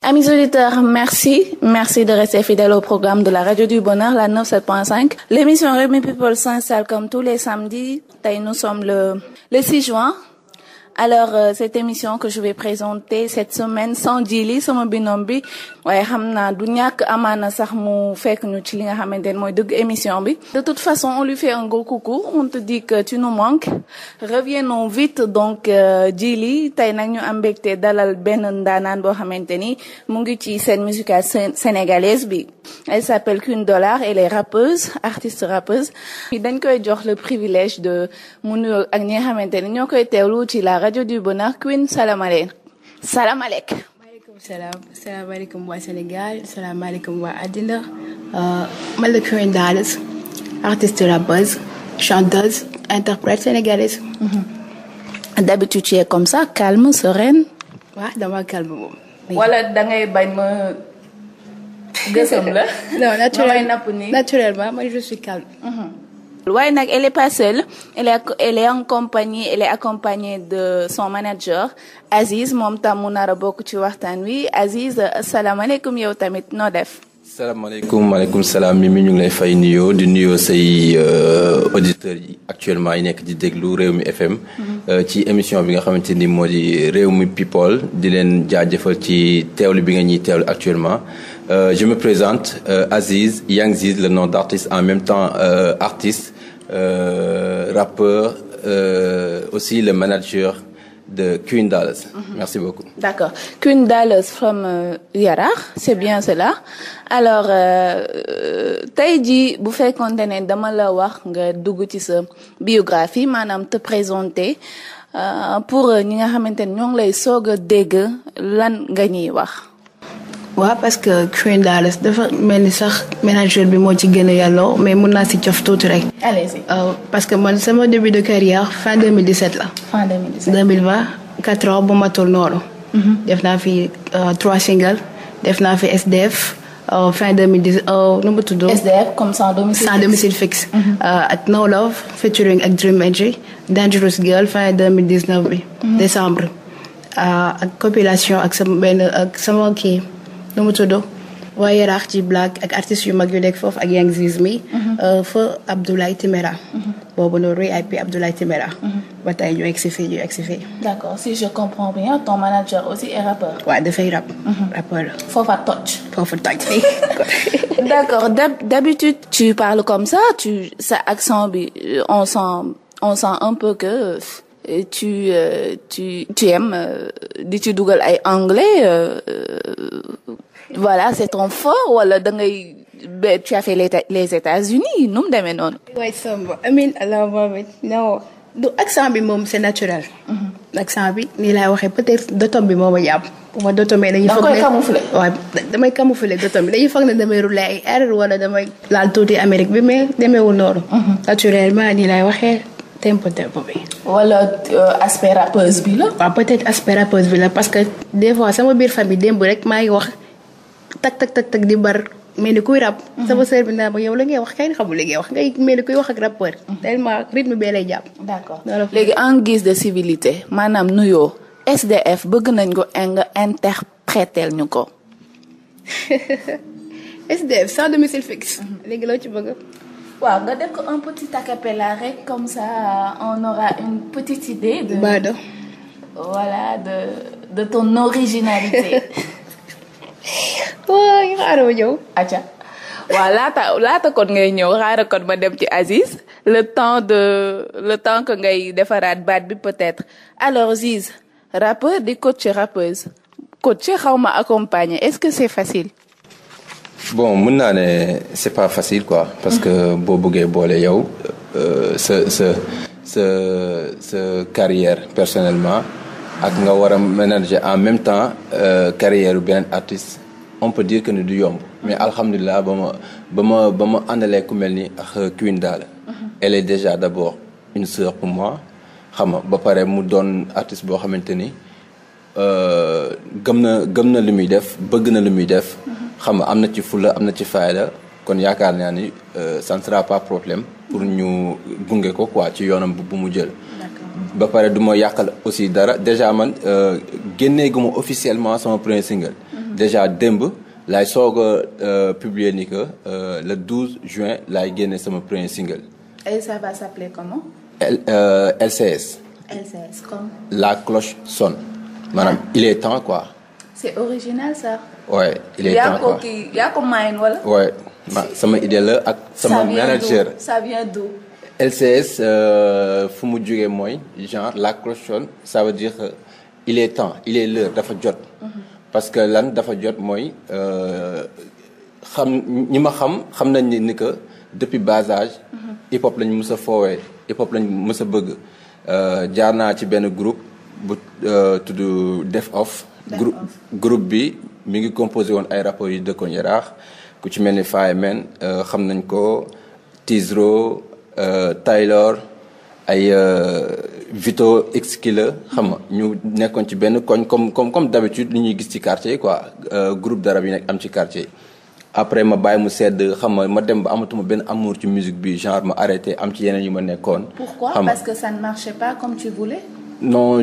Amis auditeurs, merci. Merci de rester fidèles de la Radio du Bonheur, la 97.5. L'émission Rémi People s'installe comme tous les samedis. Nous sommes le, le 6 juin alors euh, cette émission que je vais présenter cette semaine Sandji Ly sama binôme bi waaye xam naa du ñàkk amaana sax mu fekk ñu ci li nga xamante ne mooy dëgg émission bi de toute façon on lui fait un gros coucou on te dit que tu nous manques reviennons vite donc Sandji euh, Ly tey nag ñu am mbégte dalal benn ndaanaan boo xamante ni mu ngi ci scène musicale sénégalaise bi elle s'appelle Queen Dollar elle est rappeuse artiste rappeuse dañ koy jox le privilège de mu nuyoo ak ñi nga xamante ni ñoo koy teewlu ci la rajo du bonheur Queen salaamaaleykum salaamaaleykum. maaleykum salaam salaamaaleykum waa Sénégal salaamaaleykum waa àddina euh, man la Queen Dallas artiste rappeuse chanteuse interprète sénégalaise. Mm-hmm. d'habitude tu es comme ça calme sereine. waaw dama calme wala da ngay ma gësam naturellement naturellement man je suis waaye nag elle est pas seule elle en compagnie elle accompagnée de son manager Aziz moom tam mu nar a bokk ci waxtaan wi Aziz asalaamaaleykum yow tamit noo def. salaamaaleykum maaleykum salaam mi mi ñu ngi lay fay nuyoo di nuyoo say euh, auditeurs yi actuellement yi nekk di déglu réew mi FM mm-hmm. euh, ci émission bi nga xamante ni moo di réew mi people di leen jaajëfal ci teewlu bi nga ñuy teewlu actuellement Euh, je me présente, euh, Aziz Yangziz, le nom d'artiste, en même temps euh, artiste, euh, rappeur, euh, aussi le manager de Queen Dallas. Mm -hmm. Merci beaucoup. D'accord. Queen Dallas from euh, Yara, c'est bien cela. Alors, tey jii bu fekkonte ne dama la wax nga dugg ci sa biographie maanaam te présenter pour ñi nga xamante ne ñoo ngi lay soog a dégg lan nga ñuy wax. waaw parce que Queen Dollars dafa mel ni sax manager bi moo ci gën a mais mun naa si cof tuuti rek. Euh, parce que man sama début de carrière fin 2017 la. fin 2017 2020 4 ans bu matul noonu. Mm-hmm. def naa fi 3 euh, singles def naa fi SDF. Uh, fin 2010 euh, nu mu SDF comme sans domicile mm-hmm. at No Love featuring ak Dream Energy Dangerous Girl fin 2019 mm-hmm. ak compilation ak sama benn nu mu tudd waa yaraax ci black ak artistes yu mag yu nekk foofu ak yang zis mi mhm. euh, fa Abdoulaye Timéra mhm. boobu noonu RIP Abdoulaye Timéra mhm. ba tey ñu egsi fii ñu egsi fii d'accord si je comprends bien ton manager aussi est rappeur waaw dafay rap rappeur la foofa toj foofa toj d'accord d'habitude tu parles comme ça tu sa accent bi euh, on sent on sent un peu que Et euh, tu euh, tu tu aimes euh, di ci dugal ay anglais euh, voilà c'est ton fort wala da ngay tu les les États-Unis nu mu demee noonu. waay Samba bi moom c'est naturel. Mhm. accent bi nii laay waxee peut-être dotom bi moom ma jàpp. bu ma dotomee dañuy foog ne da koy camoufler. waaw damay camoufler dotom bi dañuy foog ne damay rouler ay air wala damay. laal tuuti Amérique bi mais demeewul noonu. Mhm. naturellement nii laay waxee. tempo tempo bi. wala euh, aspect rappeuse bi la. waaw peut-être bi la parce que des fois sama biir famille démb rek maa ngi wax. tak tak tak di bar mel ni kuy rab. Mhm. sama sœur bi naan yow la ngay wax kay xamul li ngay wax ngay mel ni kuy wax ak rappeur. Mhm. tellement rythme bee lay jàpp. d'accord léegi en gis de civilité maanaam nuyoo SDF bëgg nañ ko nga interpréter ñu ko. SDF sans domicile fixe. Mhm. léegi loo ci bëgg. waaw nga def ko un petit acapella rek comme ça on aura une petite idée. de Bado. voilà de de ton originalité. waay xaaral ma waaw laata laata kon ngay ñëw xaaral kon ma dem ci Aziz le temps de le temps que ngay defaraat baat bi peut-être alors Ziz rappeur di coach rappeuse coach xaw ma accompagner est-ce que c'est facile. bon mun naa ne c'est pas facile quoi. parce que mm-hmm. boo buggee boole yow euh, sa sa sa carrière personnellement ak nga war a ménager en même temps euh, carrière beneen artiste. on peut dire que ni du yomb mais alhamdulilah ba ma ba ma ba ma àndalee ku mel ni ak Queen Dolly mhm. elle est déjà d'abord une sœur pour moi xam nga ba pare mu doon artiste boo xamante ni euh, gëm na gëm na lu muy def bëgg na lu muy def mhm. xam nga am na ci fulla am na ci faayda kon yaakaar naa ni euh, ça ne sera pas problème pour ñu gunge ko quoi ci yoonam bu mu jël ba pare du ma yàqal aussi dara déjà man euh, génnee gu ma officiellement sama premier single. Mhm. déjà démb laay soog euh, publier ni que euh, le 12 juin lay génne sama premier single. et ça LCS. La cloche sonne maanaam ah. il est temps quoi. c'est original ça. ouais il est temps ko ma sama idée la ak. sama manager ça vient LCS euh, fu mu jógee mooy genre la cloche ça veut dire euh, il est temps il est l'heure dafa jot. Mm-hmm. parce que lan dafa jot mooy euh, xam ñi ma xam xam nañ ni que depuis bas âge. Mm-hmm. hip hop lañ mës a foowee hip hop lañ mës a bëgg. jaar naa ci benn groupe bu tudd Def Off. groupe groupe bi mu ngi composé woon ay rapport yu dëkkoon Yaraax ku ci mel ni Faye Men xam nañ ko Tizro. Euh, Taylor ay euh, Vito X Killer xam nga ñu nekkoon ci benn koñ comme comme comme d'habitude li ñuy gis ci quartier yi quoi euh, groupe d'arab yi nekk am ci quartier yi après ma bàyyi mu sedd xam nga ma dem ba amatuma benn amour ci musique bi genre ma arrêté am ci yeneen yu ma nekkoon. pourquoi parce que ça ne marchait pas comme tu voulais. non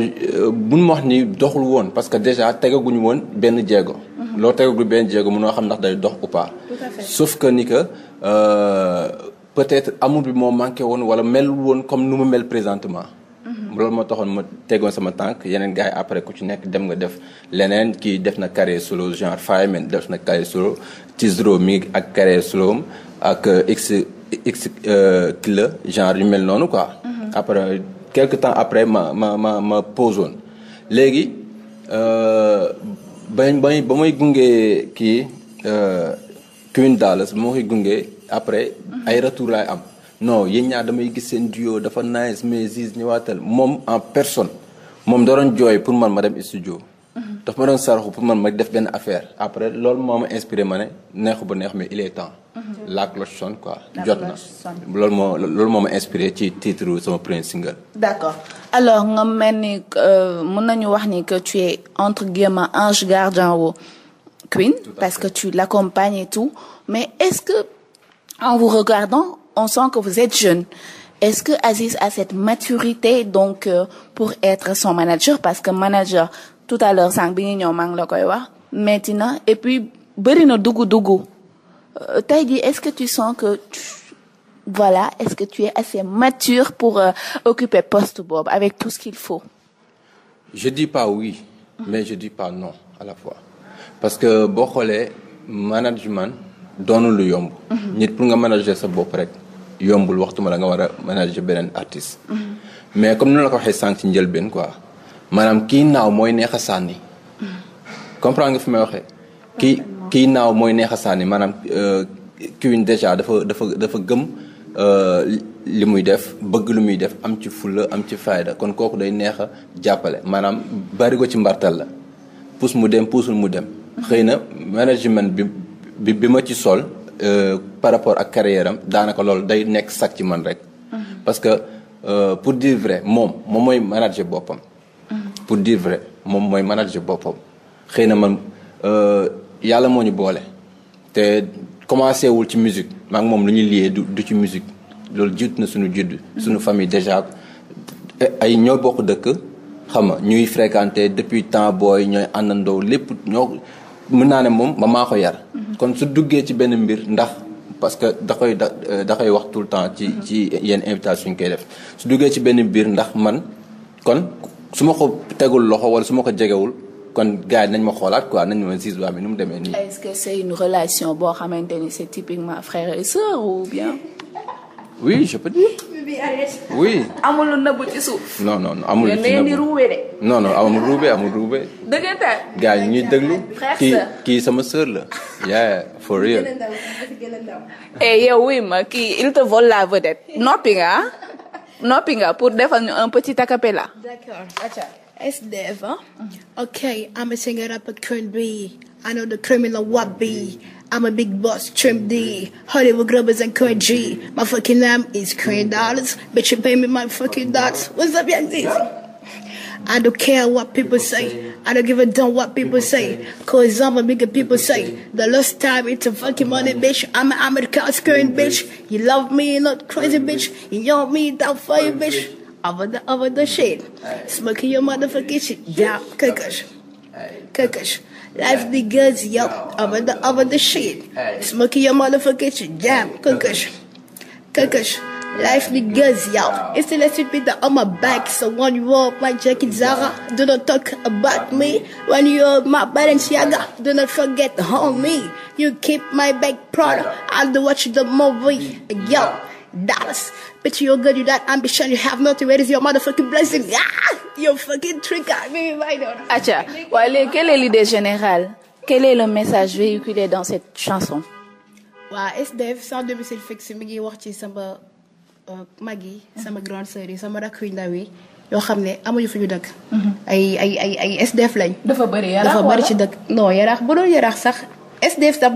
wax ni doxul woon parce que déjà tegaguñu woon benn jéego. Mhm. loo tegagul benn jéego noo xam ndax day dox ou pas. sauf que ni que. peut-être amul bi moo manqué woon wala melul woon comme nu ma mel présentement. Mhm. loolu moo taxoon ma tegoon sama tànk yeneen gars yi après ku ci nekk dem nga def leneen kii def na carrière solo genre Fireman def na carrière solo ci Tizro mi ak carrière solo ak euh, x x euh, kila genre yu mel noonu quoi. Mhm. après quelque temps après ma ma ma ma pose woon léegi euh, bañ ba may gunge kii Queen Dallas moo koy gunge. après ay retour laay am non yéen ñaar damay gis seen duo dafa nice mais Ziz ñëwaatal moom en personne moom da doon jooy pour man ma dem studio. daf ma doon saraxu pour man ma def benn affaire après loolu moo ma inspiré ma ne neexu ba neex mais il est temps. la cloche sonne quoi jot na a moo loolu moo ma inspiré ci titre sama premier single. d'accord alors nga mel ni euh, mën nañu wax ni que tu es entre guillemets ange gardien wu Queen. parce que tu l'accompagnes et tout mais est-ce en vous regardant, on sent que vous êtes jeune. Est-ce que Aziz a cette maturité donc euh, pour être son manager parce que manager tout à l'heure sànq bi ñu ñëw maa ngi la koy wax metti na et puis bëri na dugg dugg euh, tey jii est-ce que tu sens que tu, voilà est-ce que tu es assez mature pour euh, occuper poste boobu avec tout ce qu'il faut. je dis pas oui. mais je dis pas non à la fois parce que boo xoolee management. doonul lu yomb. nit pour nga manager sa bopp rek yombul waxtuma la nga war a manager beneen artiste. mais comme ni la ko waxee sànq ci njëlbeen quoi maanaam kii naaw mooy neex a sànni. comprendre fi may waxee. kii kii naaw mooy neex a sànni maanaam kiwin euh, déjà dafa dafa dafa gëm. Euh, li muy def bëgg lu muy def am ci fulla am ci fayda kon kooku day neex a jàppale maanaam bari ko ci mbartal la puus mu dem puusul mu dem xëy na management bi bi bi ma ci sol euh, par rapport ak carrière daanaka loolu day nekk sax ci man rek. Mm-hmm. parce que euh, pour dire vrai moom moom mooy manager boppam. Mm-hmm. pour dire vrai moom mooy manager boppam xëy na man euh, yàlla moo ñu boole te commencé wul ci musique maa moom lu ñuy liyee du du ci musique loolu jiitu na suñu judd. Mm-hmm. suñu famille déjà ay ñoo bokk dëkk xam nga ñuy fréquenté depuis temps booy ñooy àndandoo lépp ñoo mën naa ne moom ma maa yar. kon su duggee ci benn mbir ndax parce que da koy da euh, da koy wax tout le temps ci ci yenn invitation ñu koy def su duggee ci benn mbir ndax man kon su ma ko tegul loxo wala su ma ko jegewul kon gaa yi nañ ma xoolaat quoi nañ ma siis waa mi nu mu demee nii. est-ce que c'est une relation boo xamante ni c'est typiquement frère et sœur ou bien. oui je peux dire. oui. amul lu nëbbu ci suuf. non non amul lu ci nëbbu di ruube de. non non amul ruube amul ruube. dëggantaan. gars yi ñuy déglu. kii kii sama sœur la. yeah for real. eh yow wuy ma kii il te vole la vedette. noppi nga ah. noppi nga pour defal ñu un petit a cappella. d'accord SDF. ok. I'm a singer up a country. I know the criminal wabi. I'm a big boss, trim D. Hollywood grubbers and current G. My fucking name is current dollars. Bitch, you pay me my fucking dots. What's up, young Dizzy? I don't care what people say. I don't give a damn what people say. Cause I'm a bigger people say. The last time it's a fucking money, bitch. I'm an American's current bitch. You love me, not crazy, bitch. You know me, that fire, bitch. Over the, over the shit. Smoking your motherfucking shit. Yeah, kukush. Kukush. Life begins, yo. Over over the shit. Smoking your motherfucking shit. Jam. Cookish. Cookish. Life begins, yo. It's the last beat on back. So when you my jacket, Zara, do not talk about me. When you up my Balenciaga, do not forget the homie. You keep my back, Prada. I watch the movie, yo. Bitch, you're good, you got ambition, you have nothing. Where is your motherfucking blessing? Ah! You fucking trick at me, my daughter. Acha, well, quelle est l'idée générale? Quel est le mi ngi wax ci sama euh, mag yi sama grande sœur yi sama rakk yu ndaw yi yoo xam ne amuñu fu ñu dëkk. Mhm. ay ay ay ay SDF lañ. dafa bëri yaraax ci dëkk. no yaraax bu doon yaraax sax SDF xam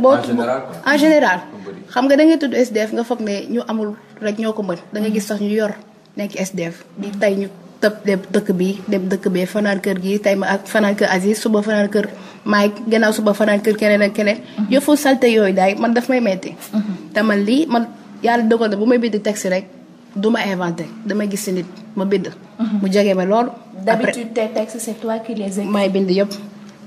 nga da ngay SDF nga foog ne ñu amul. rek ñoo ko mën da nga gis sax ñu yor nekk SDF di tey ñu tëb dem dëkk bi dem dëkk bee fanaan kër gi tey ma ak fanaan kër Aziz suba fanaan kër Mike gannaaw suba fanaan kër keneen ak keneen mhm. yëfu salte yooyu daay man daf may metti mhm. te man lii man yàlla dogal na bu may bind texte rek du ma inventé damay gis si nit ma bind mhm. mu jege ma loolu d'habitude tes textes c'est toi qui les écris may bind yëpp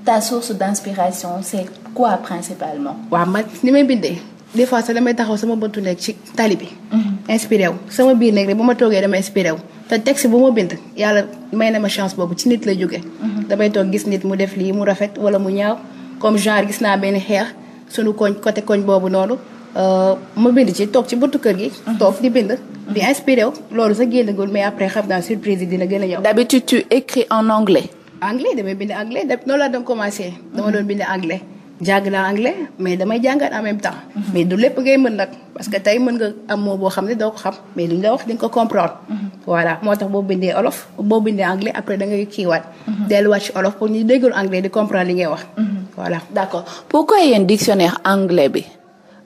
ta source d'inspiration c'est quoi principalement waaw man ni may bindee des fois sax damay taxaw sama bëntu nekk ci tali bi. Mm-hmm. inspiré wu sama biir nekk rek bu ma toogee dama inspiré wu te texte bu ma bind yàlla may na ma chance boobu ci nit la jóge mm-hmm. damay toog gis nit mu def lii mu rafet wala mu ñaaw comme genre gis naa benn xeex sunu koñ côté koñ boobu noonu euh, ma bind ci toog ci bëttu kër gi. Mm-hmm. toog di bind. di inspiré wu loolu sax génnagul mais après xam naa surprise yi dina gën a ñëw. d'habitude tu écris en anglais. anglais damay bind anglais noonu laa doon commencé. dama doon bind anglais. jàng naa anglais mais damay jàngat en même temps. mais du lépp ngay mën nag parce que tey mën nga am moo boo xam ne doo ko xam mais duñ la wax di nga ko comprendre. Mhm. voilà moo tax boo bindee olof boo bindee anglais après da ngay kiiwaat. Mhm. delluwaat ci olof pour ñu déggul anglais di comprendre li ngay wax. Mhm. voilà d' accord pourquoi yéen dictionnaire anglais bi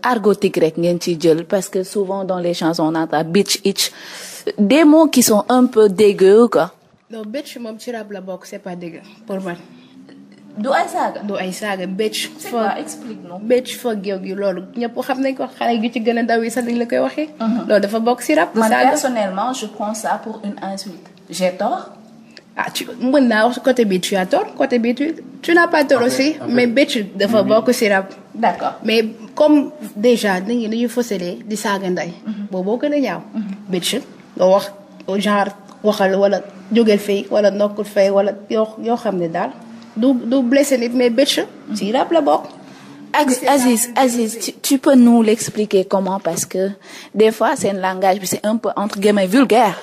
argotique rek ngeen ci jël parce que souvent dans les chansons on entend bitch itch des mots qui sont un du ay saaga. du ay saaga bëcc. fa explique non bëcc gi loolu ñëpp xam nañ ko xale gi ci gën a ndaw yi sax dañ la koy waxee. Mhm. loolu dafa bokk si rap. man personnellement je prends ça pour une insulte. j'ai tort. ah tu mën naa wax côté bi tu as tort côté bi tu dafa mhm. bokk si rap. d'accord mais comme déjà dañuy dañuy fësalee di saaga ndey. Mhm. booboo gën a ñaaw. bëcc nga wax genre waxal wala jógeel fay yoo xam ne daal. du du mais bëcc ci rab la bokk. Aziz Aziz tu, tu peux nous l'expliquer comment parce que des fois seen langage bi c'est un peu entre guillemets vulgaire.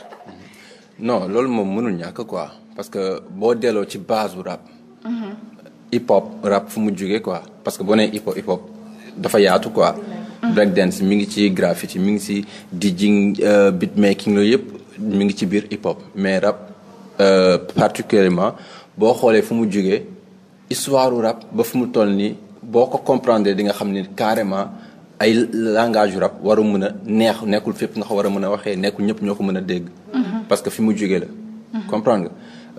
non loolu moom mënul ñàkk quoi parce que boo delloo ci base bu rap. Mm-hmm. hip hop rap fu mu jugee quoi parce que boo nee hip hop dafa yaatu quoi. Mm-hmm. mi ngi ci graffiti mi ngi ci DJing euh, beat making loolu yëpp mi ngi ci biir hip hop mais rap euh, particulièrement boo xoolee fu mu jógee histoire u rap ba fu mu toll nii boo ko comprendre di nga xam ni carrément ay langage yu rap war a mën a neex nekkul fépp nga ko war a mën a waxee nekkul ñëpp ñoo ko mën a dégg. Mhm. parce que fi mu jógee la. Mhm. comprendre nga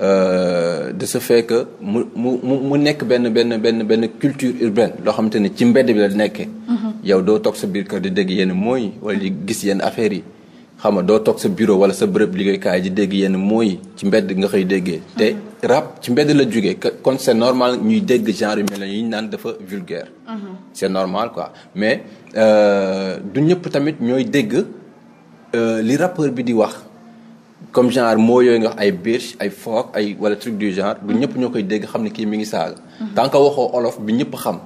euh, de ce fait que mu mu mu nekk benn benn benn benn culture urbaine loo xamante ni ci mbedd bi la nekkee. Mhm. yow doo toog sa biir kër di dégg yenn mooy wala di gis yenn affaires yi. xam nga doo toog sa bureau wala sa bërëb liggéeykaay di dégg yenn mooy ci mbedd nga koy déggee. te rap ci mbedd la jógee kon c'est normal ñuy dégg genre yu mel ne yi ñu naan dafa vulgaire. Mhm. c'est normal quoi mais euh, du ñëpp tamit ñooy dégg euh, li rappeur bi di wax. comme genre moo yooyu nga wax ay bitch ay fuck ay wala truc du genre du ñëpp ñoo koy dégg xam ne kii mi ngi saaga. Mhm. tant que waxoo olof bi ñëpp xam.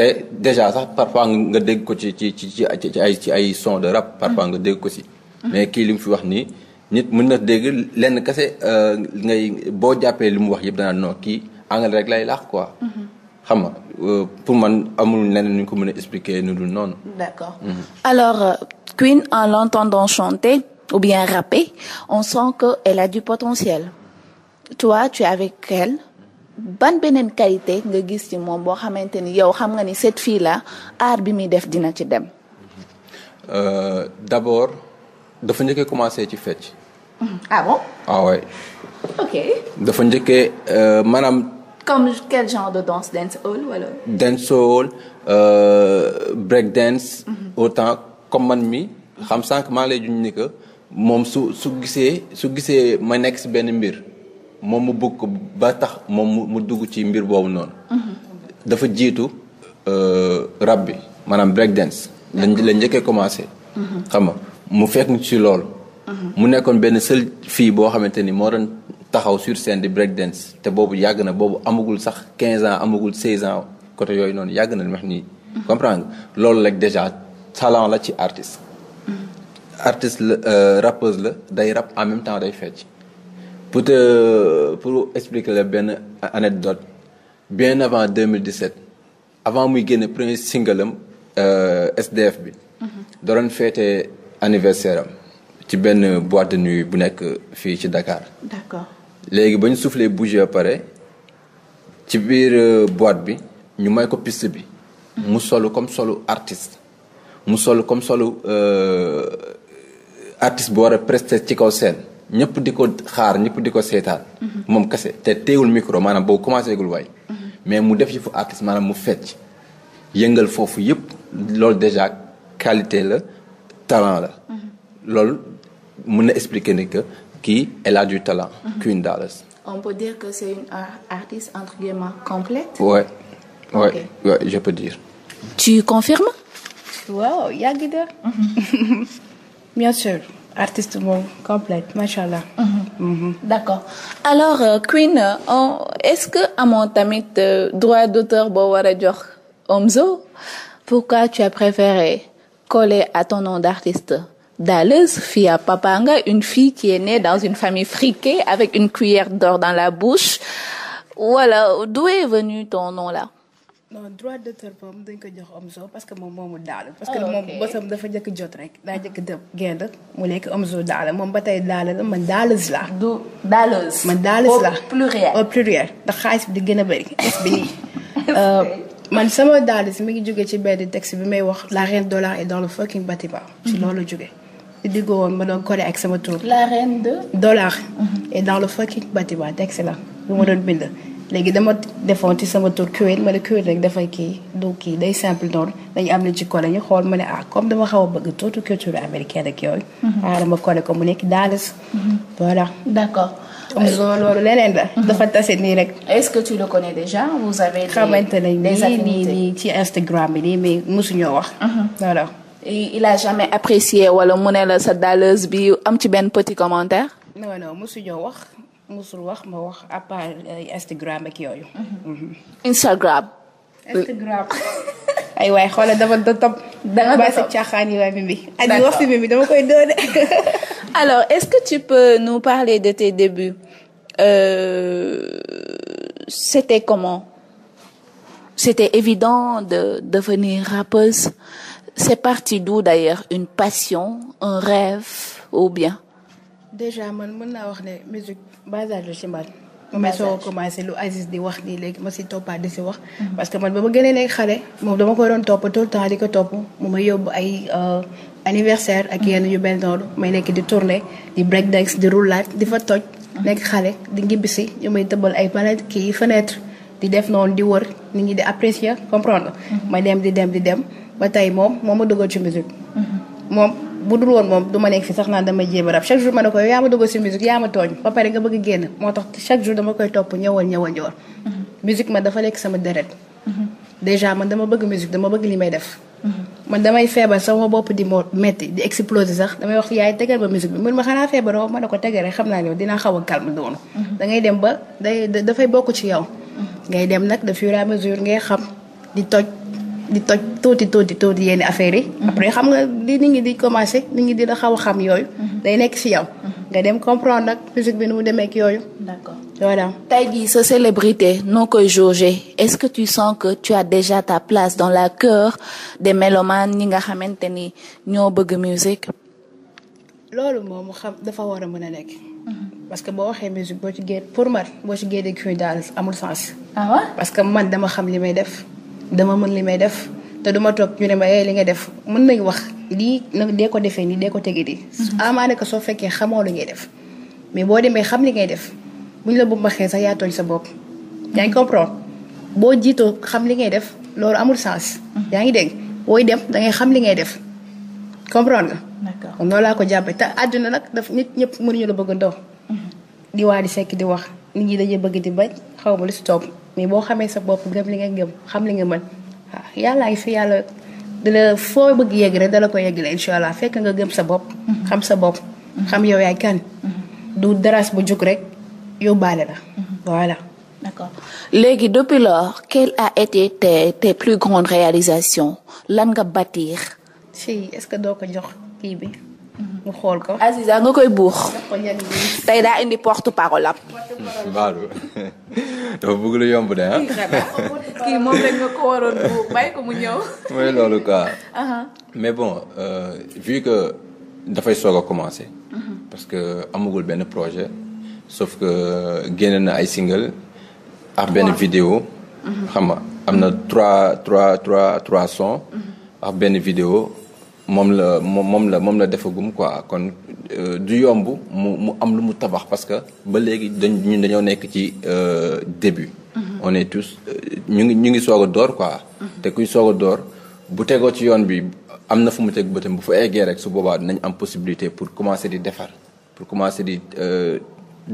te déjà sax parfois nga dégg ko ci ci ci ci ay ci ay son de rap. parfois nga dégg ko si. Mm-hmm. mais kii li mu fi wax nii nit mën na dégg lenn kese euh, ngay boo jàppee li mu wax yëpp danaa non kii anglais rek lay laax quoi. Mm-hmm. xam nga euh, pour man amul leneen ñu ko mën a expliquer nu dul noonu. Mm-hmm. alors euh, Queen en l'entendant chanter ou bien rapper on sent que a du potentiel. toi tu es avec elle. ban beneen qualité nga gis ci moom boo xamante ni yow xam nga ni cette fille là art bi muy def dina ci dem. Euh, d'abord dafa njëkkee commencé ci fecc. ah bon. ah dafa njëkkee euh, maanaam. comme quel genre de danse dance hall wala. dance hall euh, break dance. Mm comme man mi xam sànq maa lay juñ ni que moom su su gisee su gisee ma nekk si benn mbir. moom mu bëgg ko ba tax moom mu dugg ci mbir boobu noonu. dafa jiitu euh, rab bi maanaam break dance. lañ la njëkkee commencé. Mhm. xam nga mu fekk ci lool mhm. mu nekkoon benn seul fii boo xamante ni moo doon taxaw sur seen di break dance te boobu yàgg na boobu amagul sax quinze ans amagul 16 ans côté yooyu noonu yàgg na li wax nii. Mhm. comprendre loolu rek déjà talent la ci artiste. artiste la euh, rappeuse la day rab en même temps day fecc. pour te pour expliquer la benn anecdote bien avant 2017 avant muy génne premier single am euh, SDF bi. Mhm. doron doon féete anniversaire am ci benn boîte de nuit bu nekk fii ci Dakar. léegi ba ñu soufflé bougie ba pare ci biir euh, boîte bi ñu may ko piste bi. Mhm. mu solu comme solu artiste. mu solu comme solu euh, artiste bu war a prester ci kaw scène. ñëpp di ko xaar ñëpp di ko seetaan. Mhm. moom kese te teewul micro maanaam boo commencé gul waay. Mhm. mais mu def ci fu artiste maanaam mu fecc yëngal foofu yëpp loolu déjà qualité la talent la. Mhm. loolu mën na expliquer ni que kii elle a du talent. Queen Dollars. on peut dire que c'est une artiste entre guillemets complète. ouais ouais okay. ouais je dire. tu confirmes. waaw yàgg bien sûr. artiste moom complète macha allah. Mhm. Mhm. d' accord alors euh, Queen euh, on est ce que amoon tamit euh, droit d' auteur boo war a jox Omzo pourquoi tu as préféré coller à ton nom d' artiste Dalleuse fille à Papanga une fille qui est née dans une famille friquée avec une cuillère d'or dans la bouche voilà d'où est venu ton nom là. non droit d'auteur moom dañ ko jox Omzo parce que moom moom daal. parce que ah, moom bosam dafa njëkk jot rek. daa njëkk dem génn mu nekk Omzo daal moom ba tey daal la man daaleuse laa. du daaleuse. man daaleuse laa au pluriel ndax xaalis di gën a bëri bi nii. Euh, man sama daaleuse mi ngi jóge ci benn texte bi may wax la reine dollar est dans le fucking bâtiment. ci mhm. loolu jóge. di diggoo woon ma doon ak sama tur. la reine de. dollar. Mhm. est dans le fucking la bu ma doon bind. léegi dama defoon ci sama tur cuir ma ne cuir rek dafay kii du kii day simple noonu dañu am li ci collé ñu xool ma ne ah comme dama xaw a bëgg tuuti culture américaine ak yooyu. Mhm. ah dama collé ko mu nekk daalis. Mhm. voilà d'accord. loolu loolu leneen la. Mhm. dafa tase nii rek. est-ce que tu le connais déjà vous avez. xamante nañ nii nii nii ci Instagram bi nii mais mosuñoo wax. voilà. il a jamais apprécié wala mu ne la sa dalleuse bi am ci benn petit commentaire. non non mosuñoo wax. musul wax ma wax à part euh, Instagram ak yooyu. Mm-hmm. Instagram. Instagram. ay waay xoolal dama do topp. dama do topp caaxaan yi waay Mimi. d'accord wax si Mimi dama koy doone. alors est-ce que tu peux nous parler de tes débuts euh, c'était comment c'était évident de devenir rappeuse c'est parti d'où d'ailleurs une passion un rêve ou bien. déjà man mën naa wax ne musique basage la ci man. mais soo commencé lu Aziz di wax nii léegi ma si toppaat di si wax. Mhm. parce que man ba ma gënee nekk xale moom dama ko doon topp tout le di ko topp mu may yóbbu ay euh, anniversaire ak mhm. yenn yu mel noonu may nekk di tourner di break dance di roulaat di fa toj. Mhm. nekk xale di ngibbisi ñu may tëbbal ay palette kii fenêtre di def noonu di wër nit ñi di apprécier comprendre. ma dem di dem di dem ba tey moom moom ma dugal ci musique moom. bu dul woon moom du ma nekk fi sax naan damay jéem a rab chaque jour ma ne ko yaa ma dugal si musique yaa ma tooñ ba pare nga bëgg a génn moo tax chaque jour dama koy topp ñëwal ñëwal ñëwal. Mm-hmm. musique man dafa lekk sama deret. Mm-hmm. déjà man dama bëgg musique dama bëgg li may def. Mm-hmm. man damay feebar sama bopp di moo metti di exploser sax damay wax yaay tegal ba musique bi mun ma xanaa feebaroo ma ne ko tegal xam naa ne dinaa xaw a doonu. da ngay dem ba day dafay bokk ci yow. ngay dem nag di toj tuuti tuuti tuuti yenn affaire yi. Mhm. après xam nga li nit ñi di commencé nit ñi di la xaw a xam yooyu. Mhm. day nekk si yow. Mhm. nga dem comprendre nag physique bi nu mu demee ak yooyu. d'accord voilà. tey jii sa célébrité noo koy jaugé est-ce que tu sens que tu as déjà ta place dans la cœur de mélomanes ñi nga xamante ni ñoo bëgg musique. loolu moom xam dafa war a mën a nekk. parce que boo waxee musique boo ci génn pour man boo ci génnee kii daal amul sens. ah ouais parce que man dama xam li may def. dama mën li may def te duma toog ñu ne ma eh, li nga def mën nañ wax lii nag dee ko defee nii dee ko tege di mhm. amaana ah, que soo fekkee xamoo lu ngay def mais boo demee xam li ngay def buñ la bu mbaxee sax yaa sa bopp yaa ngi comprendre boo jiitoo xam li ngay def loolu amul sens mhm. yaa ngi dégg booy dem da ngay xam li ngay def comprendre nga d'accord noonu laa ko jàpp te àdduna nag daf nit ñëpp mënuñu la bëgg a ndaw mhm. di waa di sekk di wax nit ñi dañuy bëgg di bañ xaw ma lu si toog mais boo xamee sa bopp gëm li nga gëm xam li nga mën yàlla yàllaay fi yàlla dala foo bëgg yegg rek dala ko yeggale incha allah fekk nga gëm sa bopp. xam sa bopp. xam yow yaay kan. du daras bu jug rek yóbbaale la. voilà. léegi depuis lors quelle à été tes tes plus grandes réalisations lan nga bâtir. si est-ce que doo ko jox kii bi. mu xool ko. Aziza nga koy buux. tey daa indi porte parole am. Mbadou dafa bëgg lu yomb de ah. kii moom rek nga ko waroon bu bàyyi ko mu ñëw. mooy loolu quoi. mais bon euh, vu que dafay soog a commencer. parce que amagul benn projet. sauf que génne na ay single. ak benn vidéo. Mhm. xam nga am na trois trois trois trois sons. Mhm. ak benn vidéo. moom la moom la moom la defagum quoi kon euh, du yomb mu mu am lu mu tabax parce que ba léegi dañ ñun dañoo nekk ci euh, début. Mhm. on est tous euh, ñu ngi ñu ngi soog a door quoi. Mhm. te kuy soog a door bu tegoo ci yoon bi am na fu mu teg bëtam bu fu eggee rek su boobaa dinañ am possibilité pour commencer di defar pour commencer di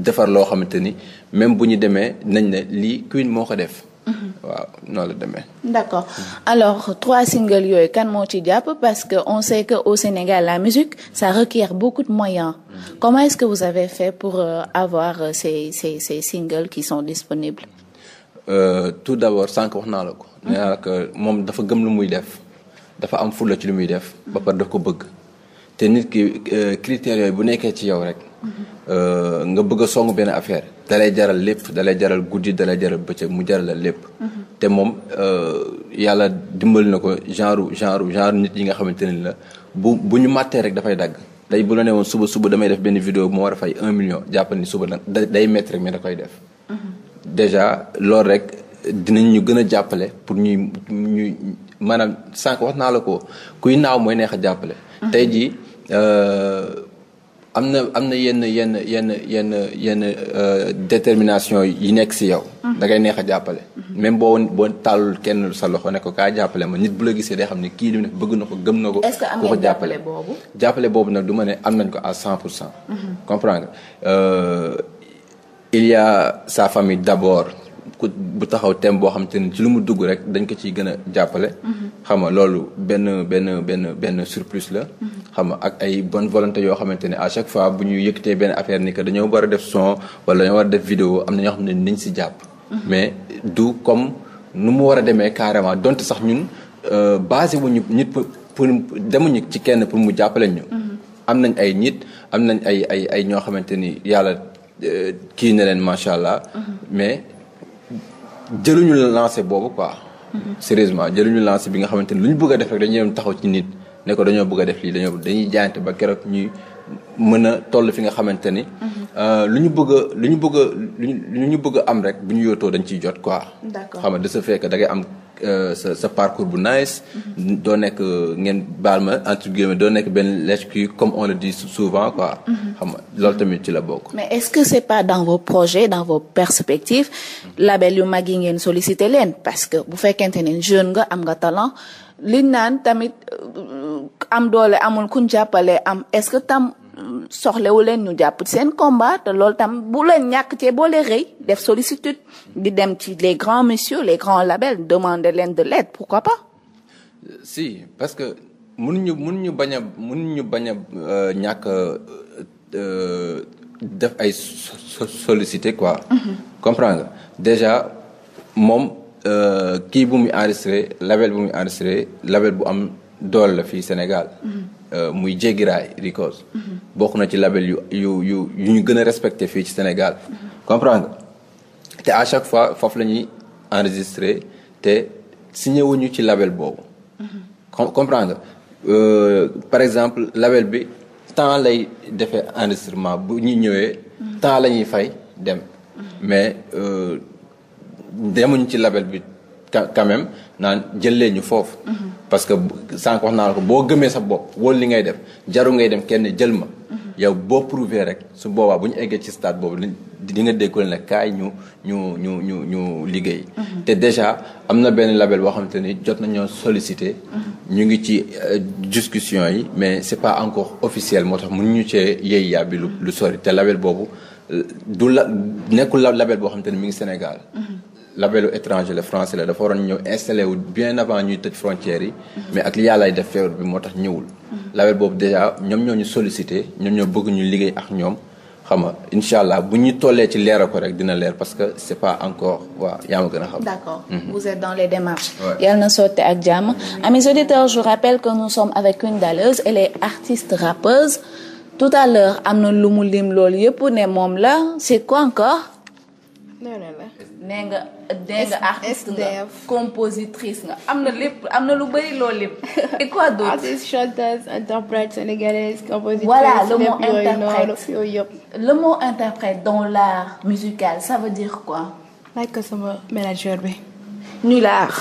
defar loo xamante ni même bu ñu demee dinañ ne lii Queen moo ko def. Mm-hmm. waaw noonu la demee. d'accord alors trois singles yooyu kan moo ci jàpp parce que on sait que au Sénégal la musique ça requiert beaucoup de moyens. Mm-hmm. comment est-ce que vous avez fait pour euh, avoir euh, ces ces ces singles qui sont disponibles. Euh, tout d'abord sànq wax naa la ko. Mm-hmm. nee moom dafa gëm lu muy def dafa am fulla ci lu muy def. ba pare daf ko bëgg te nit ki euh, critères yooyu bu nekkee ci yow rek. Euh, nga bëgg a benn affaire dalay jaral lépp dalay jaral guddi dalay jaral bëccëg mu jaral la lépp mhm. te moom euh, yàlla dimbali na ko genre genre genre nit yi nga xamante ne la bu bu ñu màttee rek dafay dagg tey bu la woon suba suba damay def benn vidéo bu war a fay un million jàppal ni suba da day métti rek da koy def mhm. déjà loolu rek dinañ ñu gën a jàppale pour ñuy ñuy maanaam sànq wax naa la ko kuy naaw mooy neex a jàppale mhm. tey jii euh, am na am na yenn yenn yenn yenn yenn euh, détermination yi nekk si yow. Mhm. da ngay neex a jàppale. Mhm. même boo boo tàllul kenn sa loxo ne ko jàppale ma nit bu la gisee day xam ne kii li ne bëgg na ko gëm na ko. est-ce que am ngeen jàppale boobu jàppale boobu nag du ma ne am nañ ko à 100 pour cent. Mhm. comprendre nga euh, il y a sa famille d'abord. ku bu taxaw thème boo xam te ne ci lu mu dugg rek dañ ko ci gën a jàppale. xam nga loolu benn benn benn benn surplus la. xam nga ak ay bonne volonté yoo xamante ne à chaque fois bu ñu yëkkatee benn affaire ni que dañoo war a def son wala dañoo war a def vidéo am na ñoo xam ne nañ si jàpp. mais du comme nu mu war a demee carrément donte sax ñun euh, basé wuñu nit pour pour demuñu ci kenn pour mu jàppale ñu. am nañ ay nit am nañ ay ay ay ñoo xamante ni yàlla euh, kii ne leen macha allah. Mm-hmm. mais jëluñu lancé boobu quoi. sérieusement jëluñu lancé bi nga xamante ni lu ñu bëgg a def rek dañuy dem taxaw ci nit ne ko dañoo bëgg a def lii dañoo dañuy jaayante ba keroog ñuy mën a toll fi nga xamante ni. lu ñu bëgg lu ñu bëgg a lu ñu bëgg am rek bu ñu yootoo dañ ciy jot quoi. d'accord xam nga de ce fait que am. Euh, sa sa parcours bu nice. Mm-hmm. doo nekk ngeen baal ma entre guillemets doo nekk benn lèche comme on le dit souvent quoi. Mm-hmm. xam nga tamit ci la bokk. mais est-ce que c'est pas dans vos projets dans vos perspectives label yu mag ngeen solliciter leen parce que bu fekkente ne jeune nga am nga talent. liñ naan tamit euh, am doole amul kuñ jàppale am est-ce que tam soxlewu leen ñu jàpp seen combat lool tam bu leen ñàkk cee boo lee rëy def sollicitude di dem ci les grands messieurs les grands labels demander leen de l'aide pourquoi pas si parce que mun ñu bañ a mënuñu bañ a euh, ñàkk euh, euh, def ay sollicité quoi mm-hmm. comprendre nga déjà moom kii bu muy enregistré label bu muy enregistré label bu am doole la fii Sénégal mm-hmm. Euh, muy jéggiraay Ricos. Mhm. bokk na ci label yu yu yu yu ñu gën a respecté fii ci Sénégal. Mhm. comprendre nga te à chaque fois foofu la ñuy enregistré te signé wuñu ci label boobu. Mhm. comprendre euh, par exemple label bi temps lay defee enregistrement bu ñuy ñëwee. temps la ñuy fay dem. mais euh, demuñ ci label bi quand naan jëlee ñu foofu. parce que sànq wax naa la ko boo gëmee sa bopp wóolu li ngay def jaru ngay dem kenn jël ma. Mhm. yow boo prouvé rek su boobaa bu ñu eggee ci stade boobu di nga déggul ne kaay ñu ñu ñu ñu ñu liggéey. Mhm. te am na benn label boo xamante ni jot nañoo sollicité. Mhm. ñu ngi ci euh, discussion yi mais c'est pas encore officiel moo tax mënuñu cee yéey lu lu te label boobu euh, du la nekkul label boo xamante ni mi ngi Sénégal. labelu étranger la français la dafa waroon ñëw installé wu bien avant ñuy tëj frontières yi. mais ak li yàllaay def feebar bi moo tax ñëwul. label boobu déjà ñoom ñoo ñu sollicité ñoom ñoo bëgg ñu liggéey ak ñoom xam nga incha allah bu ñu tollee ci leer ko rek dina leer parce que c' est pas encore waaw a ma gën a xam. d' accord mhm. vous êtes dans les démarches. yàlla na sotti ak jàmm. amis auditeurs je vous rappelle que nous sommes avec une dalleuse elle artiste rappeuse am na lu mu lim loolu yëpp ne moom la c' est quoi encore. nee nga nee nga artiste nga compositrice nga am na lépp am na lu bëri loo lépp. et quoi d'autre artiste chanteuse interprète sénégalaise compositrice. voilà le mot interprète le mot interprète dans l'art musical ça veut dire quoi. laaj sama manager bi. nul art.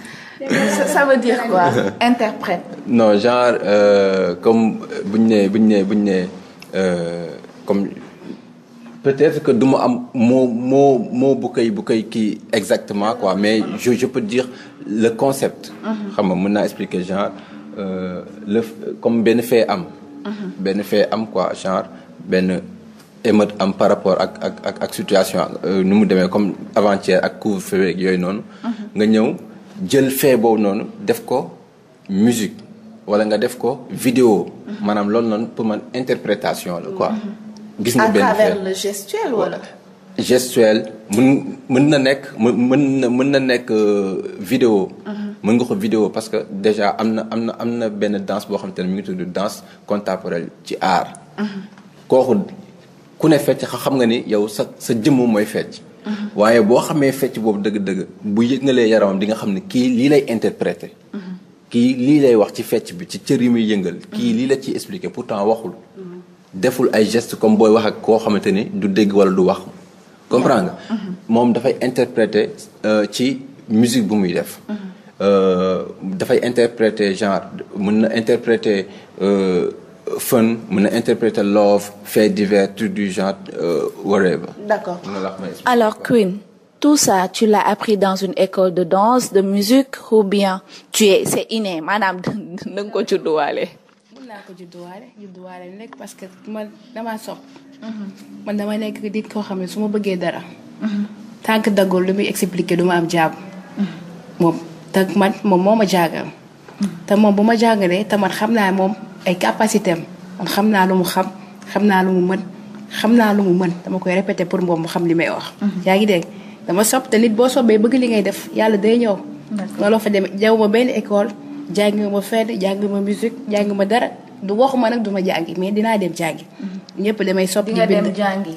ça veut dire quoi interprète. non genre euh, comme bu euh, ne bu ñu nee bu ñu euh, comme. peut-être que du ma am moo moo moo bu koy bu koy kii exactement quoi mais je je peux dire le concept. Mm-hmm. xam nga mën naa expliquer genre euh, le comme benn fee am. Mm-hmm. benn fee am quoi genre benn émeute am par rapport ak ak ak ak situation euh, nu mu demee comme avant-hier ak couvre-feu yooyu noonu. Mm-hmm. nga ñëw jël fee boobu noonu def ko musique wala nga def ko vidéo. maanaam loolu noonu pour man interprétation la quoi. gis nga benn à travers le gestuel mun gestuel mën na nekk mën na mën na nekk euh, vidéo. mën mhm. nga ko vidéo parce que déjà am na am na am na benn dance boo xam te ne mi ngi tudd danse contemporaine ci art. Mhm. kooku ku ne fecc xam nga ni yow sa sa jëmm mooy fecc. Mhm. waaye boo xamee fecc boobu dëgg-dëgg bu yëngalee yaramam di nga xam ne kii lii lay interpréter. kii lii lay wax ci fecc bi ci cër yi muy yëngal. kii lii la ciy expliquer pourtant waxul. deful ay gestes comme booy wax ak koo xamante ni du dégg wala du wax comprend moom dafay interpréter euh, ci musique bu muy def euh, dafay interpréter genre mën na interpréter euh, fun mën na interpréter love fait divers tout du genre whatever d'accord alors Queen tout ça tu la appris dans une école de dance de musique ou bien tu es c'est inné maanaam da nga ko judduwaale laa ko judduwaale judduwaale ni rek parce que man damaa sopp man dama nekk nit koo xam ne su ma bëggee dara tànk daggul lu muy expliqué du ma am jaab moom te man moom moo ma jàngal te moom bu ma jàngalee te xam naa moom ay capacité am man xam naa lu mu xam xam naa lu mu mën xam naa lu mu mën dama koy répété pour moom mu xam li may wax yaa ngi dégg dama sopp te nit boo soppee bëgg li ngay def yàlla day ñëw looloo fa demee jaw ma benn école jàngi ma fenn jàngi ma dara du waxuma nag du ma jàngi mais dinaa dem jàngi. Mhm. ñëpp damay sopp di bind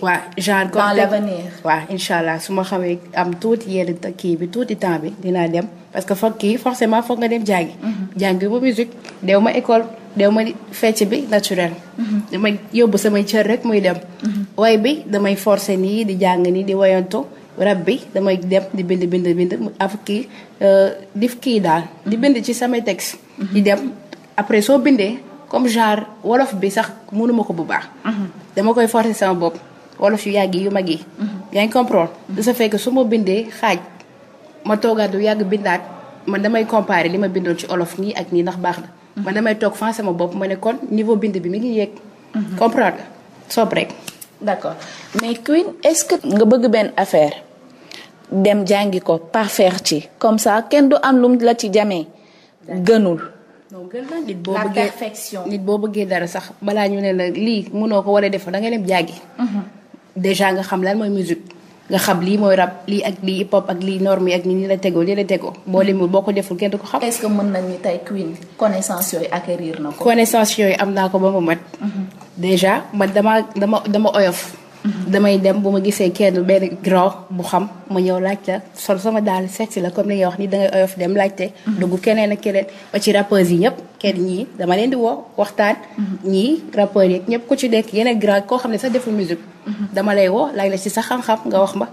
waaw genre comme dans l'avenir waaw incha allah su ma xamee am tuuti yenn kii bi tuuti temps bi dinaa dem parce que foog kii forcément foog nga dem jàngi. Mhm. jàngi ba musique ma école dew ma fecc bi naturel. Mhm. damay yóbbu samay cër rek muy dem. way bi damay forcer nii di jàng nii di wayantu rab bi damay dem di bind bind bind af kii euh, dif kii daal di bind ci samay texte. di dem après soo bindee. comme genre wolof bi sax mënuma ko bu baax. Mhm. dama koy forcer sama bopp wolof yu yàgg yi yu mag yi. Mhm. yaa ngi comprendre. Mhm. de su ma bindee xaaj ma toogaat du yàgg bindaat man damay comparer li ma bindoon ci olof nii ak nii ndax baax na. man damay toog fan sama bopp ma ne kon niveau bind bi mu ngi yéeg. comprendre nga soob rek. d'accord mais Queen est-ce que nga bëgg benn affaire dem jàngi ko parfaire ci comme sa kenn du am lum la ci jamee gënul. donc gën na nit boo bëggee bëggee dara sax balaa ñu ne la lii mënoo ko war a defoo da ngay dem jàngi. Mhm. déjà nga xam lan mooy musique. nga xam lii mooy rab lii ak lii hip hop ak lii norme yi ñi nii la tegoo lii la tegoo boo limul boo ko deful kenn du ko xam. est-ce que mën nañu tey Queen connaissance yooyu acquérir na ko. connaissance yooyu am naa ko ba mu mat. Mhm. déjà man dama dama dama oyof. damay dem bu ma gisee kenn benn grand bu xam ma ñëw laajte sol sama daal sexy la comme ni ngay wax ni dangay oyof dem laajte. dugg keneen ak keneen ba ci rappeurs yi ñëpp kenn ñii dama leen di woo waxtaan. ñii rappeurs yeeg ñëpp ku ci nekk yeneen grand koo xam ne sa deful musique. dama lay wo laaj la ci sa xam-xam nga wax ma.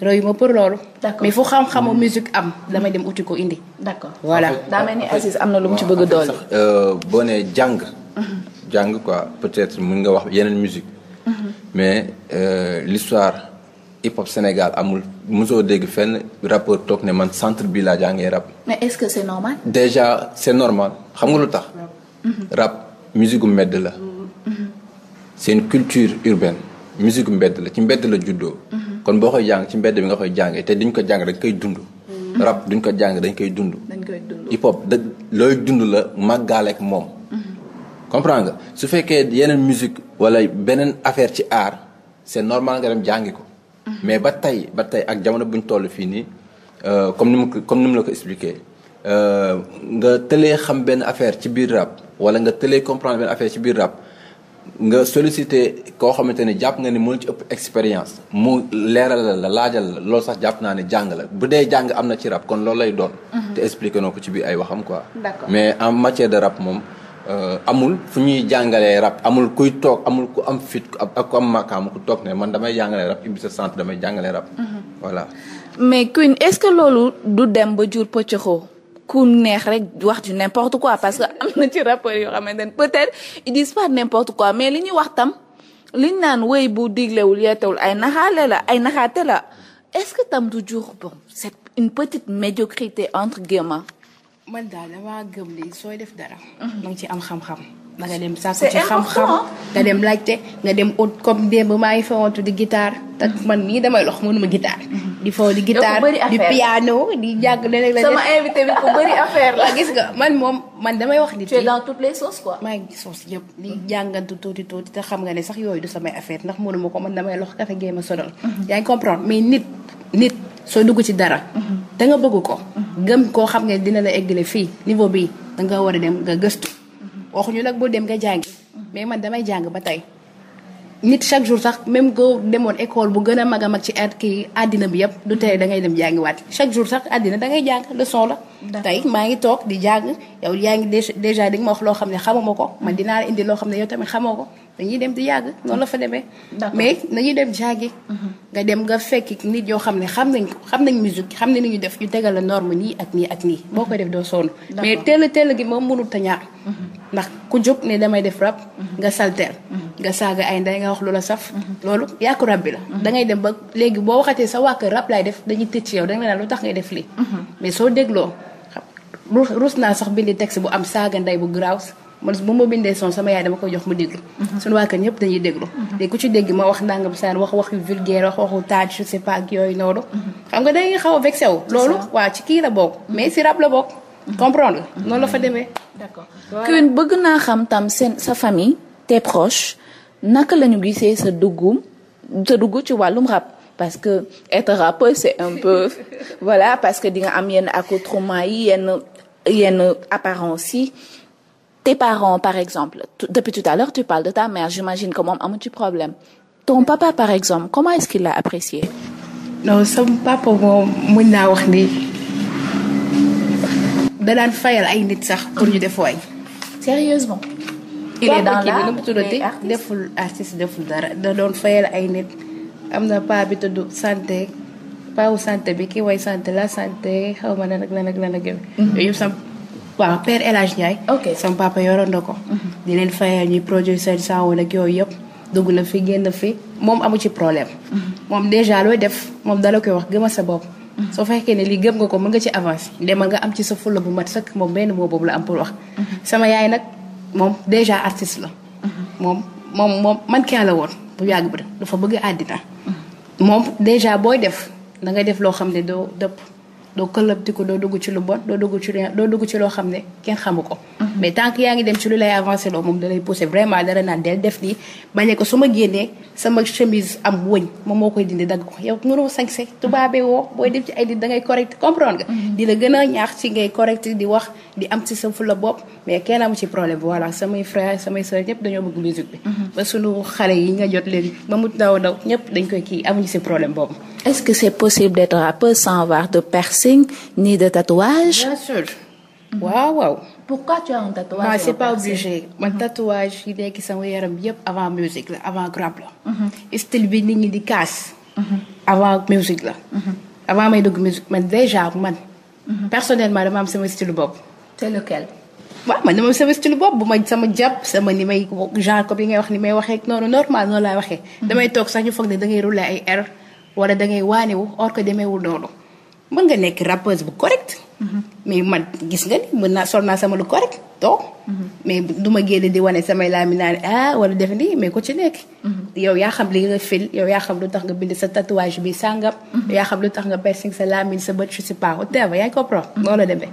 royu ma pour loolu. mi fu xam-xamu musique am damay dem uti ko indi. d'accord voilà daa mel ni Aziz am na lu mu ci bëgg a doole. Euh, boo nee jàng. Mhm. jàng quoi peut-être mën nga wax yeneen musique. Mm-hmm. mais euh, l'histoire hip hop Sénégal amul mosoo dégg fenn rapport toog ne man centre bi laa jàngee rap. mais est-ce que c'est normal. déjà c'est normal xam nga lu tax. Mm-hmm. rap musique gu mbedd la. Mm-hmm. seen culture urbaine musique mbedd la ci mbedd la juddoo. kon boo koy jàng ci mbedd bi nga koy jàngee te duñ ko jàng dañ koy dund. rap duñ ko jàng dañ koy dund. dañ koy dund hip hop da looy dund la màggaaleeg moom. comprends nga su fekkee yeneen musique wala beneen affaire ci aar c'est normal nga dem jàngi ko. Mhm. mais ba tey ba tey ak jamono bu ñu toll fii nii euh, comme ni mu comme ni mu la ko expliqué euh, nga tëlee xam benn affaire ci biir rab wala nga tëlee comprendre benn affaire biir rap nga sollicité koo xamante ne jàpp nga ni moo ci ëpp expérience mu leeralal la laajal la loolu sax jàpp naa ne jàng la bu dee jàng am na ci rab kon loolu lay doon. Mhm. te expliqué noo ko ci biir ay waxam quoi. mais en matière de rap moom. Euh, amul fu ñuy jàngalee rap amul kuy toog amul ku am fit ak ku am makaam ku toog ne man damay jàngalee rap ubbi sa centre damay jàngalee rap. Mhm. voilà. mais Queen est-ce que loolu du dem ba jur pëccëxoo ku neex rek wax ju n'importe quoi parce que am na ci rapport yoo xamante ne peut-être ils disent pas n'importe quoi mais li ñuy wax tam liñ naan wéy bu diglewul yeetewul ay naxaale la ay naxaate la est-ce que tam du jur bon c'est une petite médiocrité entre guillemets. man daal damaa gëm ni sooy def dara. Mhm. na nga ci am xam-xam. ma dem sàkku ci xam-xam nga dem laajte nga dem ut comme démb maa ngi fawantu di guitare te man nii damay lox mënuma guitare mhm. di foo di guitare di piano di jàng leneen la invité gis nga man moom man damay wax nit tu es dans toutes les sauces maa ngi sauce yëpp di mhm. jàngantu tuuti tuuti te xam nga ne sax yooyu du samay affaire ndax mënuma ko man damay lox kafe géema sonal mhm. yaa ngi comprendre mais nit nit soo dugg ci dara da nga bëgg ko gëm koo xam nga dina la egg eggale fii niveau bi danga war a dem nga gëstu waxuñu nag boo dem nga jàngi mais man damay jàng ba tey nit chaque jour sax même go demoon école bu gën a mag a mag ci at kii àddina bi yëpp du tere da ngay dem jàngiwaat chaque jour sax àddina da ngay jàng leçon la. tey maa ngi toog di jàng yow yaa ngi déjà di nga ma wax loo xam ne xamuma ko man dinaa indi loo xam ne yow tamit xamoo ko. dañuy dem di yàgg noonu la fa demee. mais nañuy dem jàngi. Mhm. nga dem nga fekk nit yoo xam ne xam nañ xam nañ musique xam ne ni ñu def ñu tegal la norme nii ak nii ak nii boo koy def doo sonn. mais teel a teel gi moom mënut a ñaar. Mhm. ndax ku jóg ne damay def rap. Mhm. nga salteer nga saaga ay ndey nga wax lu la saf. loolu yàqu rab bi la. da ngay dem ba léegi boo waxatee sa waa kër rap laay def dañuy tëj ci yow da nga naan lu tax ngay def lii. mais soo dégloo rus naa sax bindi texte bu am saaga ndey bu graw man bu ma bindee son sama yaay dama koy jox mu déglu mhm. suñu waa kër ñëpp dañuy déglu mhm. léegi ku ci dégg ma wax nangam saan wax wax yu vulgaire wax waxu taaj je sais pas noonu mhm. xam nga dangay xaw a vexé loolu waaw ci kii la bokk mais si rab la bokk comprendre noonu la fa demee d'accord Queen bëgg naa xam tam seen sa famille tes proches naka la ñu gisee sa duggum sa dugg ci wàllum rab parce que être rappeur c'est un peu voilà parce que di nga am yenn accoutrement yi yenn yenn apparence yi tes parents par exemple depuis tout à l'heure tu parles de ta mère j'imagine que moom amu ci problème ton papa par exemple comment est-ce qu'il l'a apprécié non sama papa moom mën naa wax ni da daan fayal ay nit sax pour ñu def waay sérieusement il est dans l'art nu mu tuddati deful artiste deful dara da doon fayal ay nit am na pa bi tudd santé pawu santé bi ki way santé la santé xaw ma lan ak lan ak lan ak yooyu mhm. yëpp waaw père El Hadj Ndiaye. ok sama papa yoroon na ko. Mhm. di leen fayal ñuy produire seen saawoon ak yooyu yëpp dugg na fi génn fi moom amu ci problème. Mhm. moom dèjà looy def moom dala koy wax gëma sa bopp. Mhm. soo fekkee ne lii gëm nga ko mën nga ci avance demal nga am ci sa fulla bu mat sëkk moom benn moo la am pour sama yaay nag moom dèjà artiste la. moom moom moom man kii la woon bu yàgg ba dafa bëgg àddina. moom déjà booy def da ngay def loo xam ne doo dëpp. doo këlëbtiku doo dugg ci lu bon doo dugg ci doo dugg ci loo xam ne kenn xamu ko mhm. mais tant que yaa ngi dem ci lu lay avancé loo moom dalay poussé vraiment dara naan del def nii bañee ko su ma génnee sama chemise am wëñ moom moo koy dindi dagg ko yow mënoo sañse mhm. tubaabee woo booy dem ci ay nit da ngay correct comprendre nga mhm. di la gën a ñaax ci ngay correct di wax di am ci sa fula bopp mais kenn amu ci problème voilà samay frère samay soeur ñëpp dañoo bëgg musique bi. Mhm. ba sunu xale yi nga jot leen ba mu daw daw ñëpp dañ koy kii amuñu ci problème boobu. est-ce que c'est possible d'être rappeur sans avoir de piercing ni de tatouage. bien sûr. waaw waaw. pourquoi tu as mhm. tatouage. yi nekk sama yaram yëpp avant musique la avant rap la. Mhm. style bi nit ñi di kaas. avant musique la. avant may dugg musique man déjà man. personnellement dama c'est lequel. waaw man dama sawes ci lu bopp bu ma sama jàpp sama ni may genre comme yi ngay wax ni may waxee noonu normal noonu laay waxee. Mhm. damay toog sax ñu foog ne da ngay rouler ay air wala da ngay waanewu or que demeewul noonu mën nga nekk rappeuse bu correct. Mhm. mais man gis nga ni mën naa sol naa sama lu correct toog. Mhm. mais du ma génne di wane samay laaminaan ah wala def nii mais ku ci nekk. yow yaa xam li nga fil yow yaa xam lu tax nga bind sa tatouage bi sàngam. yaa xam lu tax nga piercing sa laamin sa bët je sais pas whatever yaa la demee.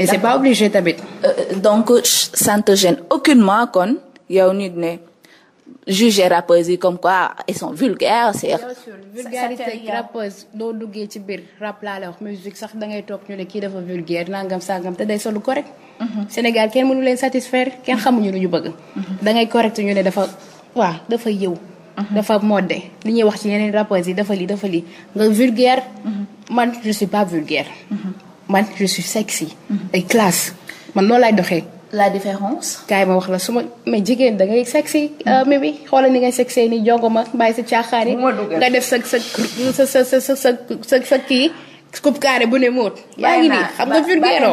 et c'est pas obligé tamit. Euh, euh, donc ça ne te aucunement kon yow nit ne juger rappeurs yi comme quoi ils sont vulgaires c'est. bien sûr vulgarité doo duggee ci biir rap laa la wax musique sax da toog ñu ne kii dafa vulgaire nangam sangam te day solu correct. Mhm. Sénégal kenn mënu leen satisfaire kenn mhm. xamuñu lu ñu bëgg. Mhm. da ngay correct ñu ne dafa waaw dafa yëw. dafa modde li ñuy wax ci yeneen rappeurs yi dafa lii dafa lii nga vulgaire. man je suis pas vulgaire. man je suis sexy. ay mm-hmm. classe man noonu doxee. la différence. ma wax la su ma jigéen da ngay sexy. Mm-hmm. Euh, mi mi xoolal ni ngay sexy ni jongo ma bàyyi sa caaxaan yi. def sa sa sa sa sa sa sa bu ne moot. yaa ngi nii xam nga vulgaire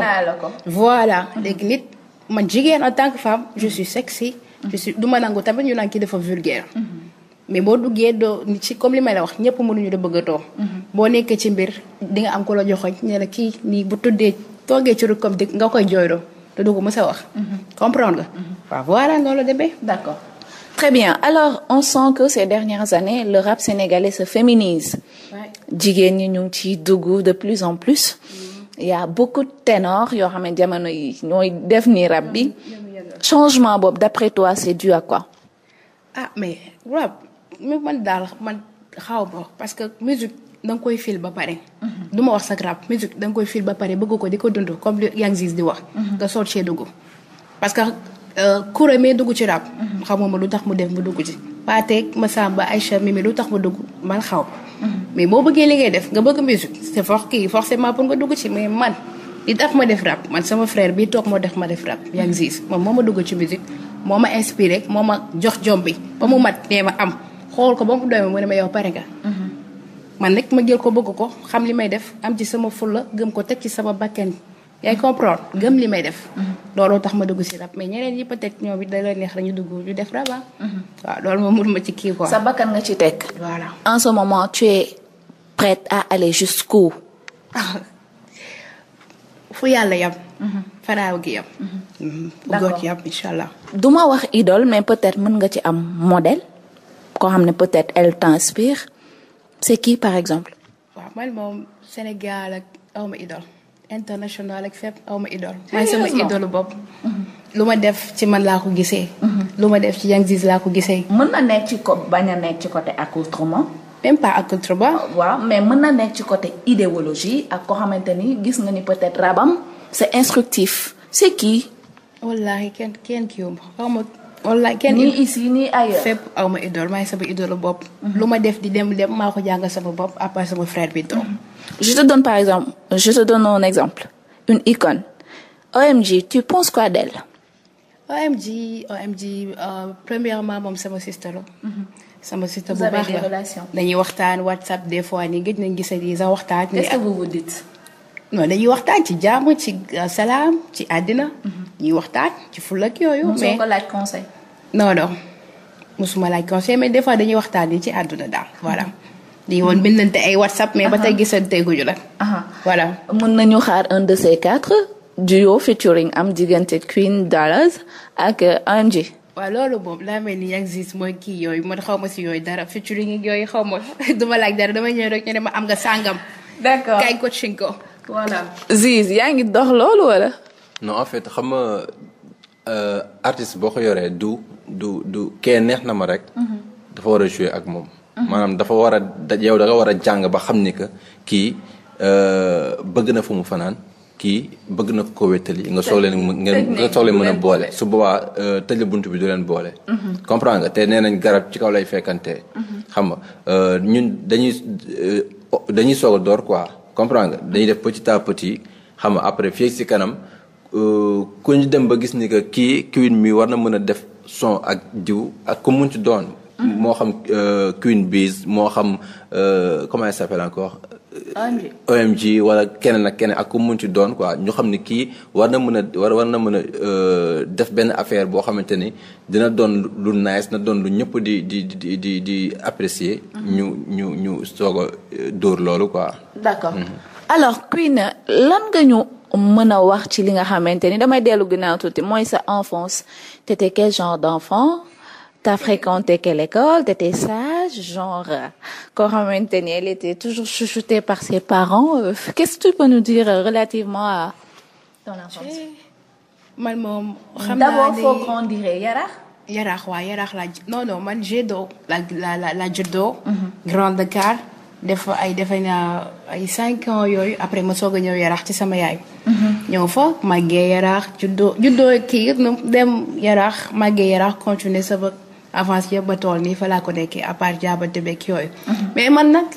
voilà mm-hmm. léegi nit man jigéen en tant que femme je suis sexy. je ma nangu tamit ñu naan kii dafa vulgaire. mais boo duggee doo ci comme li may la wax ñëpp mënuñu da bëgg a mm-hmm. boo nekkee ci mbir di nga am ko la joxoñ ne kii nii bu tuddee toogee ci rukkam di nga koy jooyloo te du ko mës a wax. Mm-hmm. comprendre la mm-hmm. waaw voilà loolu demee d'accord. Très bien alors on sent que ces dernières années le rap sénégalais se féminise. jigéen ñi ñu ngi ciy dugg de plus en plus. il y a beaucoup de yoo xam ne jamono yi ñooy def nii rab bi changement boobu d'après toi c'est dû à quoi. ah mais rap mais man daal man xaw ma parce que musique da nga koy fil ba pare. du ma wax sa rap musique danga koy fil ba pare bëgg ko di ko dund comme li Yang Ziz di wax. nga soog cee dugg parce que kuré euh, mee dugg ci rap. xamuma lu tax mu def mu dugg ci. Patek Massamba Aïcha Mimi lu tax mu dugg man xaw mais boo bëggee li def nga bëgg musique c'est fort kii forcément pour nga dugg ci mais man. li tax ma def rap man sama frère bi toog ma def ma def rap Yang Ziz moom moo ma dugg ci musique moo ma inspiré moo ma jox jom bi ba mu mat nee ma am. xool ko ba mu doy ma mu ne ma yow pare nga. Mhm. man nag ma jël ko bëgg ko xam li may def am ci sama fulla gëm ko teg ci sama bakkan yaay comprendre mhm. gëm li may def. Mhm. looloo tax ma dugg si rab mais ñeneen ñi peut-être ñoom it da la neex rek ñu dugg ñu def rab ah. waaw loolu moom mënuma ci kii quoi. sa bakkan nga ci teg. voilà en ce moment tu es prête à aller jusqu'où. fu yàlla yam. faraaw gi yam. d'accord fu góor gi ma wax idole mais peut mën nga ci am modèle. koo xam ne peut-être elle t'inspire c'est qui par exemple. waaw man moom Sénégal ak aw ma idole international ak fépp aw ma idole. maay sama mhm. lu ma def ci man laa ko gisee. Mhm. lu ma def ci Young Ziz laa ko gisee. mën na nekk ci ko bañ a nekk ci côté accoutrement. même pas accoutrement. waaw mais mën na nekk ci côté idéologie ak koo xamante ni gis nga ni peut-être rabam. c'est instructif c'est qui. wallaahi kenn kenn kii xaw online kenn nii ici nii ailleurs fépp aw ma idole sama idole bopp. lu ma def di dem dem maa ko jàngal sama bopp à part sama frère bi doom. Mm-hmm. je te donne par exemple je te donne un exemple une icône OMG tu penses quoi d'elle? OMG OMG euh, premièrement moom sama sister la. Mm-hmm. sama sister bu baax la dañuy waxtaan WhatsApp des fois nii gëj nañ gisati sax waxtaan. qu'est-ce que vous vous dañuy waxtaan ci jàmm ci euh, salaam ci àddina. Mm-hmm. ñuy waxtaan ci fulak yooyu. mais soo non non mosuma laaj conseil mais des fois dañuy waxtaan yi ci àdduna daal voilà. Mhm. di woon bindante ay whatsapp. mais ba tey gisanteeguñu la. voilà mën nañu xaar un de ces quatre. duo featuring am diggante Queen Dollars ak euh, Angie. waaw loolu moom laa mel ni existe mooy kii yooyu man xaw si yooyu dara featuring yooyu xaw ma du ma laaj dara dama ñëw rek ñu ma am nga sàngam. d'accord kay ko. voilà. Ziz yaa ngi dox loolu wala. non Euh, artiste boo ko yoree du du du kee neex na ma rek. Mm-hmm. dafa war a jouer ak moom. maanaam dafa war a yow da nga war a jàng ba xam ni que kii euh, bëgg na fu mu fanaan kii bëgg na ko wéttali nga soog leen ngeen nga soog leen mën a boole su boobaa euh, tëj buntu bi du leen boole. Mm-hmm. comprendre nga te nee nañ garab ci kaw lay fekkantee. Mm-hmm. xam nga ñun dañuy dañuy soog a door quoi comprendre nga dañuy def petit à petit xam nga après fii si kanam. Euh, ku ñu dem ba gis ni que kii kiwin mii war na mën a def son ak diw ak ku mun ci doon. Mm-hmm. moo xam euh, Queen Biz moo xam euh, comment il s'appelle encore. OMG OMG wala keneen ak ak ku mun ci doon quoi ñu xam ni kii war na mën a war war na mën a def benn affaire boo xamante ni dina doon lu nice na doon lu ñëpp di di di di di apprécier. Mm-hmm. ñu ñu ñu soog a dóor loolu quoi. d'accord mm-hmm. alors lan nga ñu mën a wax ci li nga xamante ni damay dellu ginnaaw tuuti mooy sa enfance t'étais quel genre d'enfant t'as fréquenté quelle école t'étais sage genre koo xamante ni elle était toujours chouchoutée par ses parents euh, qu'est-ce que tu euh, relativement à eh, man moom xam naa d'abord faut grandir yaraax la non non man j'ai la la la mm-hmm. def fa ay defe naa ay cinq ans yooyu après ma soog a ñëw yaraax ci sama yaay. Mm-hmm. ñëw fa màggee yaraax juddoo juddoo kii dem yaraax màggee yaraax continuer sama avance yëpp ba tool nii fa laa ko nekkee à part jaabante yooyu. Mm-hmm. mais man nag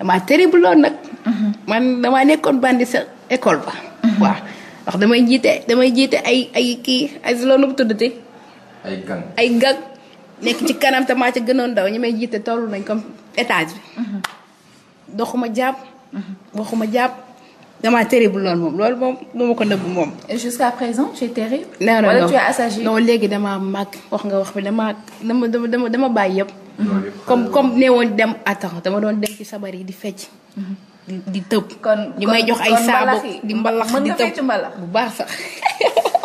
damaa terrible lool nag. Mm-hmm. man damaa nekkoon bandi école ba. waaw ndax damay jiite damay jiite ay ay kii ay loolu mu tuddati. ay gang nekk ci kanam te maa ca gënoon ndaw ñu may jiite tollu nañ comme étage bi. doxuma jàpp. waxuma jàpp damaa terrible lool moom loolu moom lu ma ko nëbb moom. et jusqu'à présent tu es terrible. non non wala tu assagi. non léegi damaa màgg wax nga wax bi damaa dama dama dama bàyyi yëpp. comme comme ne woon dem attends dama doon dem ci sabar yi di fecc. Mhm. di di tëb. kon ñu may jox ay saabog di mbalax di tëb bu baax sax.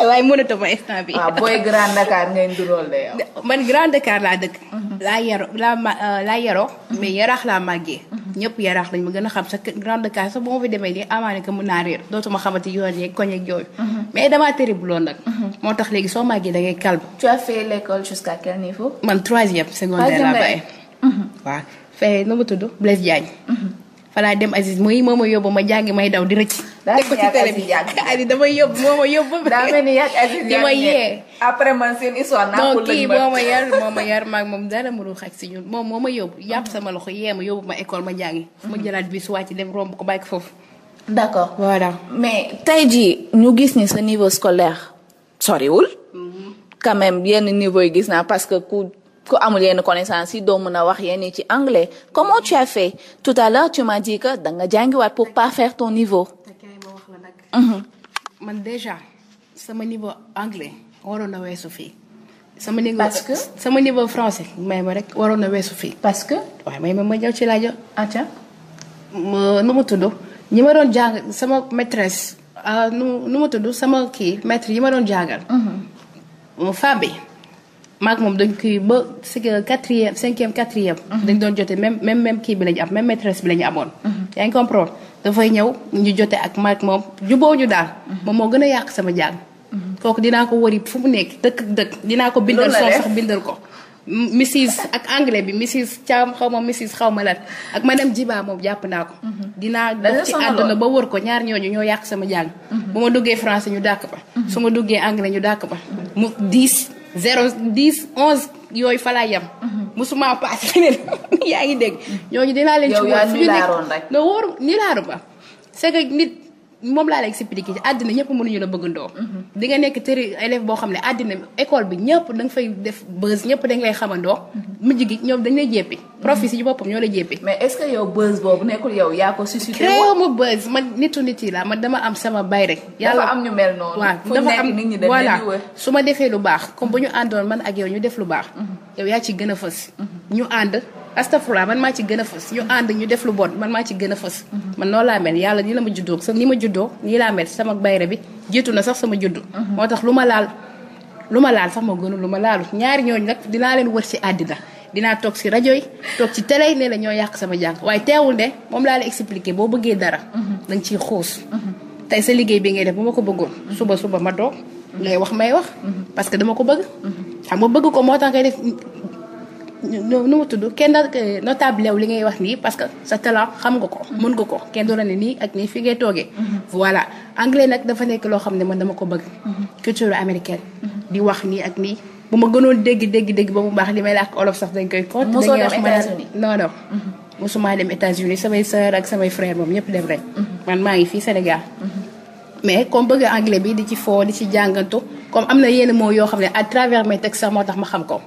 waaye mënatoo ma instant bi waaw ah, booy Grand Dakar man Grand Dakar laa dëkk. Mhm. laa yaro laa ma euh, laa yaro mhm. mais yaraax laa màggee. Mhm. ñëpp yaraax lañ ma gën a xam sa Grand Dakar sax bu ma fi demee nii amaane que mën naa réer dootuma xamante yoon yeeg koñ ak yooyu. mais dama damaa bu lool nag. moo tax léegi soo màggee da ngay calme. tu as fait l'école jusqu'à quel niveau. man troisième secondaire laa waaw fee nu mu tudd Blaise Diagne. falaa dem Aziz mooy moo ma yóbbu ma jàngi may daw di rëcc. teg ko ci télé a Aziz damay yóbbu moo ma yóbbu. daa mel ni yaa Aziz di ma yee. après man seen ma yar moo ma yar maag moom dara mënul si ñun moom moo ma yóbbu yàpp ah. sama loxo yee ma yóbbu ma école ma jàngi. Mhm. ma jëlaat bi su wàcc dem romb ko bàyyi ko foofu. d'accord voilà. mais tey jii ñu gis ni sa niveau scolaire soriwul. Mhm. quand même yenn niveau yi gis naa parce ku. ku amul yenn connaissance yi doo mën a wax yenn ci anglais comment tu as fait tout à l'heure tu m'as dit que da nga jàngiwaat pour pas faire ton niveau. Mhm. man déjà sama niveau anglais waroon na weesu fii. sama niveau parce que sama niveau français may ma rek waroon na weesu fii. parce que waaye may ma ma ñëw ci laajo atia ah, ma nu mu tudd ñi ma doon jàng sama maîtresse ah, nu nu mu tudd sama kii maître yi ma doon jàngal. mu mhm. fàbbi. maak moom dañ koy ba c'est euh, que quatrième cinquième quatrième. Mhm. dañ doon jote même même mem kii bi la ñu am même maîtresse bi la amoon. Mhm. yaa ngi comprendre dafay ñëw ñu jote ak maak moom juboo ñu daal. Mhm. moom moo gën a yàq sama jàng. kooku dinaa ko wari fu mu nekk dëkk dëkk. dinaa ko bindal son ko. Mrs ak anglais bi Mrs Thiam xaw ma Mrs xaw ma lan ak madame Jiba moom jàpp naa ko. dinaa dox ci àdduna ba wër ko ñaar ñooñu ñoo yàq sama jàng. bu ma duggee français ñu dàkk ba. su ma duggee anglais ñu dàkk ba mu diis. zéro dix onze yooyu fa laa yem. Mhm. musuma paase leneen yaa ngi dégg. ñooñu mhm. dinaa leen ci woo. yow yaa nii laaroon rek. non wóoru nii laaru ba c'est nit moom laa la expliqué àddina ñëpp ñu la bëggandoo. Mhm. di nga nekk tëri élève boo xam ne àddina école bi ñëpp da nga fay def buzz ñëpp dañ lay xamandoo. Mhm. mujj gi ñoom dañ lay jéppi. Mhm. prof yi si boppam ñoo lay jéppi. mais est-ce que yow buzz boobu nekkul yow yaa ko suscité. créé yi la man dama am sama bay rek. yàlla dafa am ñu mel noonu. waaw dafa am nit ñi voilà su ma defee lu baax comme ba ñu àndoon man ak yow ñu def lu baax. yow yaa ci gën a fës. ñu ànd astafurlah man maa ci gën a fës ñu ànd ñu def lu bon man maa ci gën a fës man noonu laa mel yàlla nii la ma juddoo sa ni ma juddoo nii laa mel sama bayre bi sax sama juddu mhm. moo tax lu ma laal lu ma laal sax ma gënu lu ma laalu ñaari ñooñu nag dinaa leen wër si àddina dinaa toog si rajo yi toog ci télé ne la ñoo yàq sama jàng waaye teewul de moom laa la expliqué boo bëggee dara mhm. dañ nga ciy xuus mhm. tey sa liggéey bi ngay def bu ma ko bëggoon suba suba ma doog ngay wax may wax parce dama ko bëgg xam nga bëgg ko moo tax ngay def nu mu tudd kenn notable lew li ngay wax nii parce que sa talent xam nga ko mën nga ko kenn du la ne nii ak nii fi ngay toogee mm-hmm. voilà anglais nag dafa nekk loo xam ne man dama ko bëgg mm-hmm. culture américaine mm-hmm. di wax nii ak nii bu ma gënoon dégg dégg dégg ba mu baax li may làkk olof sax dañ koy kott dañuy wax non non mosuma dem États-Unis samay sœur ak samay frère moom ñëpp dem rek man maa ngi fii Sénégal mais comme bëgg anglais bi di ci foo di ci jàngantu comme am na yenn mots yoo xam ne à travers mes textes sax moo tax ma xam ko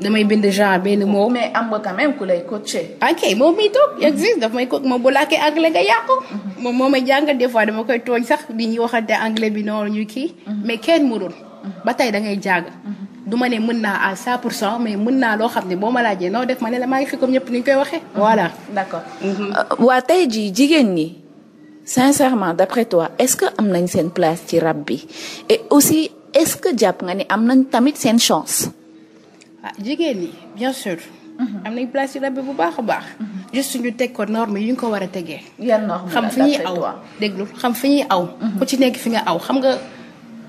damay bind genre benn mot. mais am nga quand même ku lay coacher. ok moom miy toog existe daf may moom anglais nga yàqu. Mhm. moom moo may jàngal des fois dama koy tooñ sax di ñuy waxante anglais bi noonu ñu kii. Mhm. mais kenn mënul. Mhm. ba tey da ngay jàng. du ma ne mën naa à 100 pour cent mais mun naa loo xam ne boo ma laajee noo def ma ne la maa ngi fi ko ñëpp ni koy waxee. voilà d'accord. Euh, waa tey jii jigéen ñi sincèrement d'après toi est-ce que am nañ seen place ci rab bi et aussi est-ce que jàpp nga ni am nañ tamit seen chance. ah jigéen ñi bien sûr. Mhm. am nañ place yu ràbbi bu baax a baax. Mhm. juste ñu teg ko norme yi ñu ko war a tegee. yan normes xam fi ñuy aw déglu xam fi ñuy aw. Mhm. ku ci nekk fi nga aw xam nga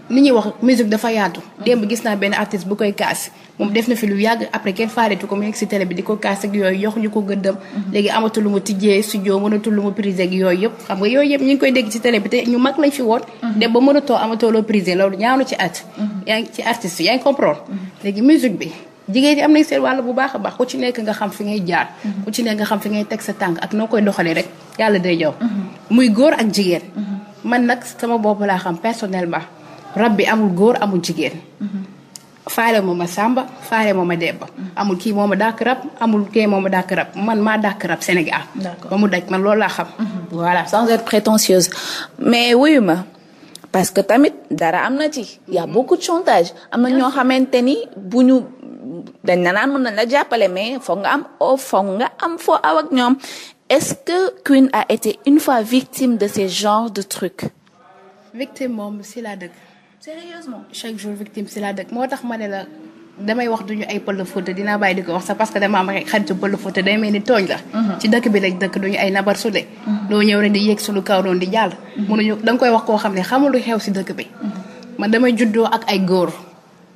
ni ñuy wax musique dafa yaatu. démb gis naa benn artiste bu koy kaas moom def na fi lu yàgg après kenn faareetu ko mu nekk si télé bi di ko kaas ak yooyu yox ñu ko gëddam. léegi amatul lu mu tijjee studio mënatul lu mu prisé ak yooyu yëpp xam nga yooyu yëpp ñu ngi koy dégg ci télé bi te ñu mag lañ fi woon. dem ba mënatoo amatoo loo prisé loolu ñaanu ci at. yaa ngi ci artiste yaa ngi comprendre léegi bi jigéen ji am nañ seen wàll bu baax a baax ku ci nekk nga xam fi ngay jaar. Mm-hmm. ku ci nekk nga xam fi ngay teg sa tànk ak noo koy doxalee rek yàlla day jaw mm-hmm. muy góor ak jigéen. Mm-hmm. man nag sama bopp laa xam personnellement rab bi amul góor amul jigéen. faale moo ma sàmba faale moo ma debba amul kii moo ma dàkk rab amul kii moom a dàkk rab man maa dàkk rab Sénégal. ba mu daj man loolu laa xam. voilà sans être prétentieuse mais wuyu ma parce que tamit dara am na ci. y xamante ni bu dañ na naan mën nañ la jàppale mais foog nga am o oh, foog nga am foo aw ñoom est-ce que Queen a été une fois victime de ce genre de truc. victime moom si la dëkk. sérieusement chaque jour victime si la dëkk moo tax ma ne la damay wax duñu ay pël Fouta dina bàyyi di ko wax sax parce que dama am rek xaritu pël Fouta day mel ni tooñ la. Mhm. ci dëkk bi lañ dëkk duñu ay nabar sule. Mhm. doo ñëw rek di yéeg suñu kaw doon di jàll. Mhm. mënuñu da nga koy wax koo xam ne xamul lu xew si dëkk bi. man damay juddoo ak ay góor.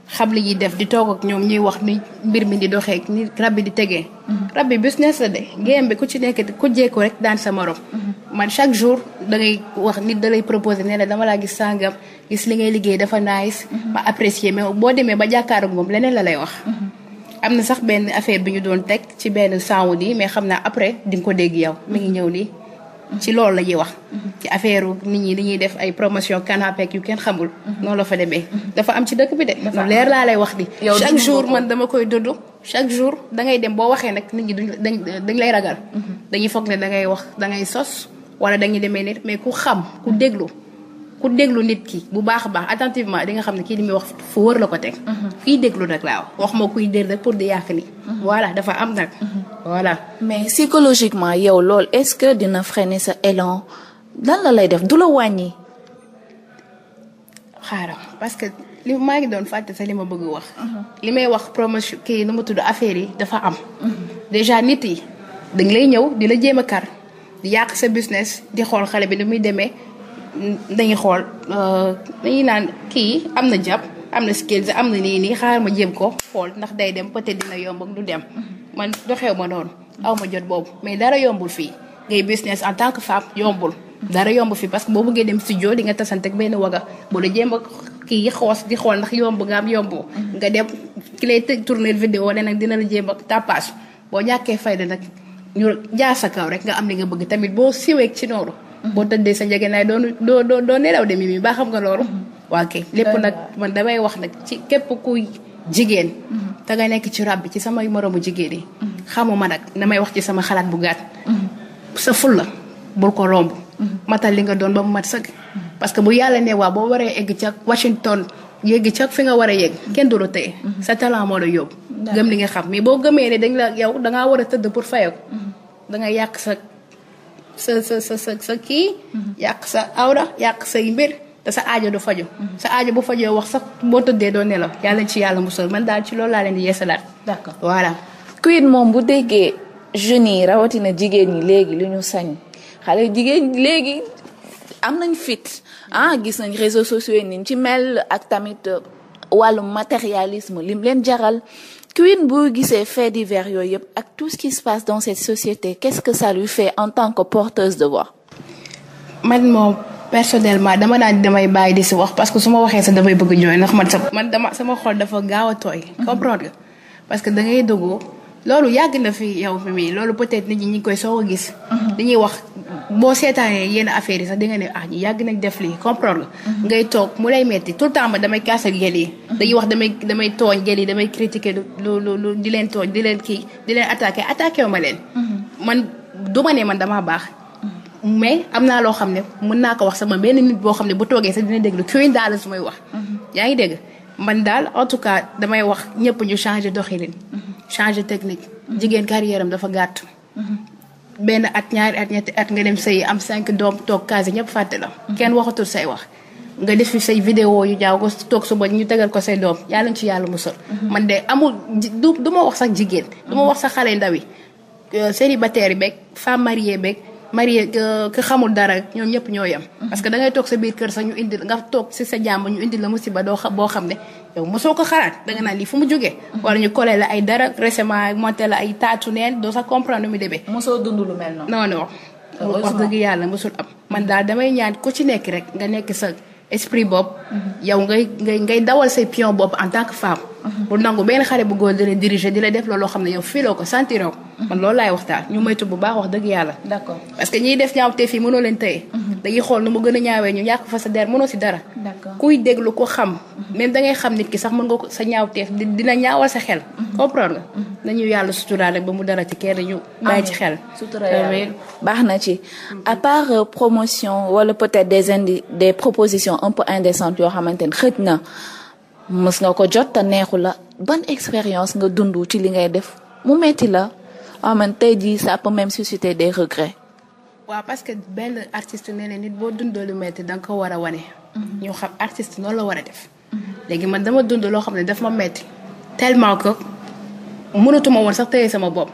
xam li ñuy def di toog ak ñoom ñuy wax ni mbir mi di doxeek ak rab bi di tegee. Mhm. rab bi business la de game bi ku ci nekk ku jékku rek daan sa morom. Mhm. man chaque jour da ngay wax nit da lay proposé nee na dama laa gis sàngam gis li ngay liggéey dafa nice. Mhm. ma apprécier mais boo demee ba jàkkaaroog moom leneen la lay wax. am na sax benn affaire bi ñu doon teg ci benn sound yi mais xam naa après dinga ko dégg yow mi ngi ñëw nii. ci loolu la ñuy wax. ci affaire nit ñi li ñuy def ay promotion canapé yu kenn xamul. noonu la fa demee. dafa am ci dëkk bi de. lu leer laa lay wax di. chaque jour man dama koy dund. chaque jour da ngay dem boo waxee nag nit ñi duñ dañ lay ragal. Mhm. dañuy foog ne da ngay wax da ngay sos wala dañuy demee nit mais ku xam ku déglu. pour déglu nit ki bu baax a baax attentivement di nga xam ne kii li muy wax fu wër la ko teg. Mhm. kuy déglu nag laaw wax ma kuy déglu rek pour di yàq mhm. voilà dafa am nag. Mhm. voilà mais psychologiquement yow lool est-ce que dina freiner sa élan lan la lay def du la wàññi. xaaral parce que li maa ngi doon fàtte sax li ma bëgg wax. li may wax promotion kii nu ma tudd affaire yi dafa am. déjà nit yi dañ lay ñëw di la jéem a kar di yàq sa business di xool xale bi ni muy demee. dañuy xool euh, dañuy naan kii am na jàpp am na skills am na nii nii xaar ma jéem ko xool ndax day dem peut-être dina yomb du dem man doxew ma noonu aw ma jot boobu mais dara yombul fii ngay business en tant que femme yombul dara yomb fii parce que boo bëggee dem studio di nga tasante ak benn waga bu la jéem a kii xoos di xool ndax yomb nga am yomboo nga dem ki lay tëj tourner vidéo nag dina la jéem a tapage boo ñàkkee fayda nag ñu jaar sa kaw rek nga am li nga bëgg tamit boo siwee ci noonu Mm-hmm. boo tëddee sa njëgënaay doo doo doo doo nelaw de Mimi ba xam nga loolu. Mm-hmm. waa kay lépp nag man damay wax nag ci kepp kuy jigéen. Mm-hmm. te nga nekk ci rab ci samay moromu jigéen yi. xamuma nag damay wax ci sama xalaat bu gàtt. sa ful la bul ko romb. matal li nga doon ba mu mat sëg. parce que bu yàlla ne waa boo waree egg ca Washington yegg ca fi nga war a yég kenn du la sa talent moo la yóbbu. gëm li nga xam mii boo gëmee ne dañ la yow da ngaa war a tëdd pour fayoo. da nga yàq sa. sa sa sa sa kii. Mhm. yàq sa awra yàq say mbir te sa ajo du fajo mhm. sa aajo bu fajoo wax sax boo tëddee doo nelaw yàlla ci yàlla musal man daal ci loolu laa leen di yeesalaat. d'accord voilà. Queen moom bu déggee jeunes yi rawatina jigéen ñi léegi lu ñu sañ xale jigéen léegi am nañ fit ah gis nañ réseaux sociaux yi niñ ci mel ak tamit euh, wàllu matérialisme lim leen jaral Queen bu gisee faits divers yooyu yëpp ak tout ce qui se passe dans cette société qu'est-ce que ça lui fait en tant que porteuse de voix. man moom personnellement dama daan damay bàyyi di si wax parce que su ma waxee sax damay bëgg a jooy man sa man dama sama xool dafa gaaw a tooy. Mm-hmm. comprendre nga parce que da ngay loolu yàgg na fi yow fi mi loolu peut-être nit ñi ngi koy soog a gis. Mhm. dañuy wax boo seetaanee yenn affaire yi sax di nga ne ah ñu yàgg nañ def lii comprendre nga. Mhm. ngay toog mu lay metti tout le temps ma damay kaas ak yi. Mhm. dañuy wax damay damay tooñ gel yi damay critiquer lu lu di leen tooñ di leen kii di leen attaquer attaquer wu ma leen. man du ma ne man damaa baax. mais am naa loo xam ne mën naa ko wax sama benn nit boo xam ne bu toogee sax dina déglu Queen daal su may wax. yaa ngi dégg. man daal en tout cas damay wax ñëpp ñu changé doxalin. changé technique. jigéen carrière am dafa gàtt. benn at ñaari at ñetti at nga dem say am cinq doom toog case ñëpp fàtte la. kenn waxatul say wax. nga def fi say vidéo yu jaaw ko toog suba ñu tegal ko say doom yàlla ci yàlla musal. man de amul du du ma wax sax jigéen. du ma wax sax xale ndaw yi euh, célibataire yi beeg femme mariée beeg. marié ku euh, xamul dara ñoom ñëpp ñoo yem. parce que da toog sa biir kër sax ñu indil nga toog si sa jàmb ñu indil la musiba doo xam boo xam ne yow mosoo ko xalaat da nga naan lii fu mu jógee. wala ñu collé la ay dara récemment monté la ay taatu neen doo sax comprendre mu demee. mosoo dund lu mel noonu. non non. wax dëgg yàlla mosul am. man daal damay ñaan ko ci nekk rek nga nekk sa. esprit bopp. yow ngay ngay ngay dawal say pion bopp en tant que femme. bu mhm. nangu benn xale bu góor di la di la def loo xam ne yow filoo ko sentiroo mhm. man loolu laay waxtaan ñu moytu bu baax wax dëgg yàlla. d'accord parce que ñiy def ñaawteef yi mënoo leen tëye. Mhm. dañuy xool nu mu gën a ñaawee ñu yàq fa sa der mënoo si dara. d'accord kuy déglu ko xam. même da ngay xam nit ki sax mën nga ko sa ñaaw ñaawteef dina ñaawal sa xel. Mm-hmm. comprendre nga. Mm-hmm. nañu yàlla suturaal rek ba mu dara ci kenn ñu. bàyyi ci xel. baax na ci. Mm-hmm. à part euh, promotion wala peut-être des indi des propositions un peu indécentes yoo xamante ne xëj na mës nga ko jot te neexu la ban expérience nga dund ci li ngay def mu metti la waaw ah, man tey jii ça peut même susciter des regrets. waaw parce que benn artiste ne na nit boo dundoo lu metti danga ko war a wane. ñu xam artiste la war a def. léegi man dama dund loo xam ne daf ma metti tellement que mënatuma woon sax téye sama bopp.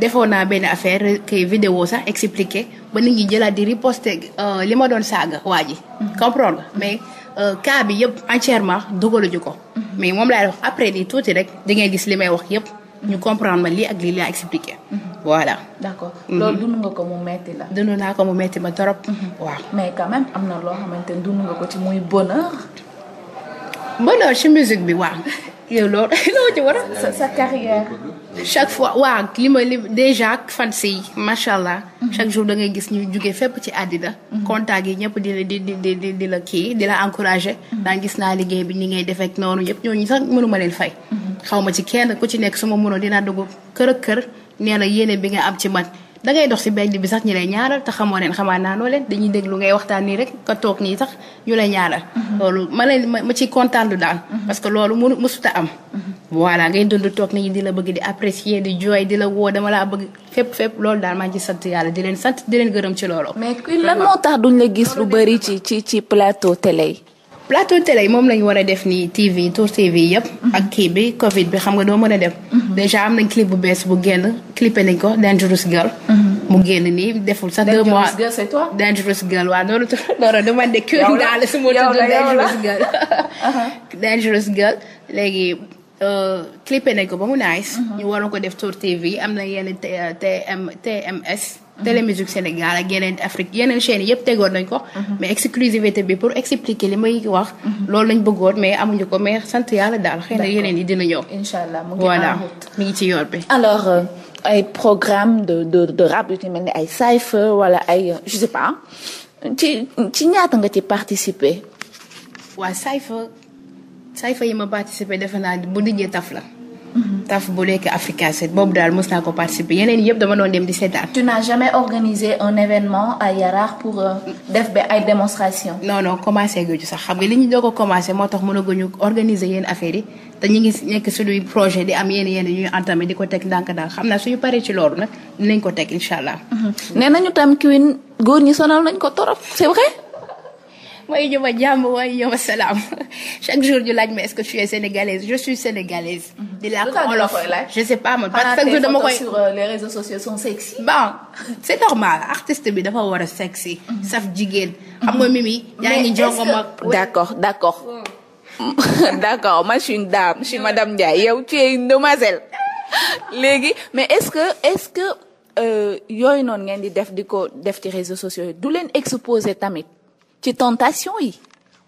defoon naa benn affaire kay vidéo sax expliqué ba nit ñi jëlaat di riposté euh, li ma doon saaga waa ji. comprendre nga mais euh, cas bi yëpp entièrement dugaluñu ko. mais moom laay wax après nii tuuti rek di ngay gis li may wax yëpp. ñu comprendre ma lii ak lii laa expliqué. voilà d'accord loolu mhm. dund nga ko mu metti la. dund naa ko mu metti ma torop mhm. waaw mais quand même am na loo xamante ne dund nga ko ci muy bonheur. bonheur ci musique bi waaw yow loolu ci war sa carrière. chaque fois waaw li ma li déjà fan si macha allah. Mhm. chaque jour da ngay gis ñu jugee fépp ci àddina. Mhm. contact yi ñëpp di la di la kii di la encouragé. Mhm. daan gis naa liggéey bi ñu ngay defee ak noonu yëpp ñooñu sax mënuma leen fay. xaw ma ci kenn ku ci nekk su ma mënoon dinaa dugg kër ak kër nee na yéene bi nga am ci man. dangay dox si mbedd bi sax ñu lay ñaanal te xamoo leen xamaa naanoo leen dañuy déglu ngay waxtaan nii rek nga toog nii sax ñu lay ñaanal. Mhm. loolu ma leen ma ciy kontaan lu daal. Mhm. parce que loolu mënu mësuta am. Mhm. voilà ngay dund toog nañu di la bëgg di apprécier di jooy di la woo dama laa bëgg fépp fépp loolu daal maa ci sant yàlla di leen sant di leen gërëm ci loolu. mais lan moo tax duñ la gis lu bari ci ci ci plateau te yi plateau télé yi moom la ñu war a def nii TV Tour TV yëpp. Mhm. ak bi Covid bi xam nga doo mën a dem. Mhm. déjà am nañ clip bu bees bu génn clippé nañ ko Dangerous Girl. Mhm. mu génn nii deful sax mois Dangerous Girl c'est toi. Dangerous Girl waaw noonu noonu dama ne kër daal su ma tudd Dangerous Girl. Uh-huh. Dangerous Girl léegi. Euh, clippé nañ ko ba mu nice. ñu waroon ko def Tour TV am na yenn TM euh, TMS. Mmh. Télémusique Sénégal ak yeneen Afrique yeneen chaînes yëpp tegoon nañ ko. Mmh. mais exclusivité bi pour expliquer li may wax. Mmh. lool lañ bëggoon mais amuñu ko mais sant yàlla daal xëy na yeneen yi dina ñëw. incha allah mu ngi voilà mi ci yoon bi. alors euh, ay programme de de yi rap mel ni ay cypher wala ay je sais pas ci ci ñaata nga ci participer. waaw cypher cypher yi ma participer defe naa bu dijjee taf la. Mm-hmm. taf bu lekk Africa 7 boobu daal mos naa ko participer yeneen yëpp dama doon dem di seetaan. tu n'as jamais organisé un événement à Yarakh pour euh, def ba ay démonstration non non commencé guñu sax xam nga li ñu doog a commencé moo tax mënaguñu organiser yenn affaires yi te ñu ngi nekk suñuy projet di am yenn yenn ñuy entamé di ko teg ndànk-ndànk xam naa suñu paree ci loolu nag dinañ ko teg incha allah. Mm-hmm. nee nañu tam Queen góor ñi sonal nañ ko torop mooy juma jàmm mooy yoma salaam chaque jour ñu laaj ma est-ce que tu es sénégalaise je suis sénégalaise. di làkk wolof je sais pas man. parce dama koy sur euh, les réseaux sociaux sont normal artiste bi dafa war a sexy. Mhm. saf jigéen. Mhm. am nga mimi yaa ngi jongo ma. d'accord d'accord oh. d'accord moi je une dame je suis madame Ndiaye yow tu es une demoiselle. léegi mais est-ce que est-ce que euh, yooyu noonu ngeen di def di ko def ci réseaux sociaux du leen exposé tamit. ci tentation yi.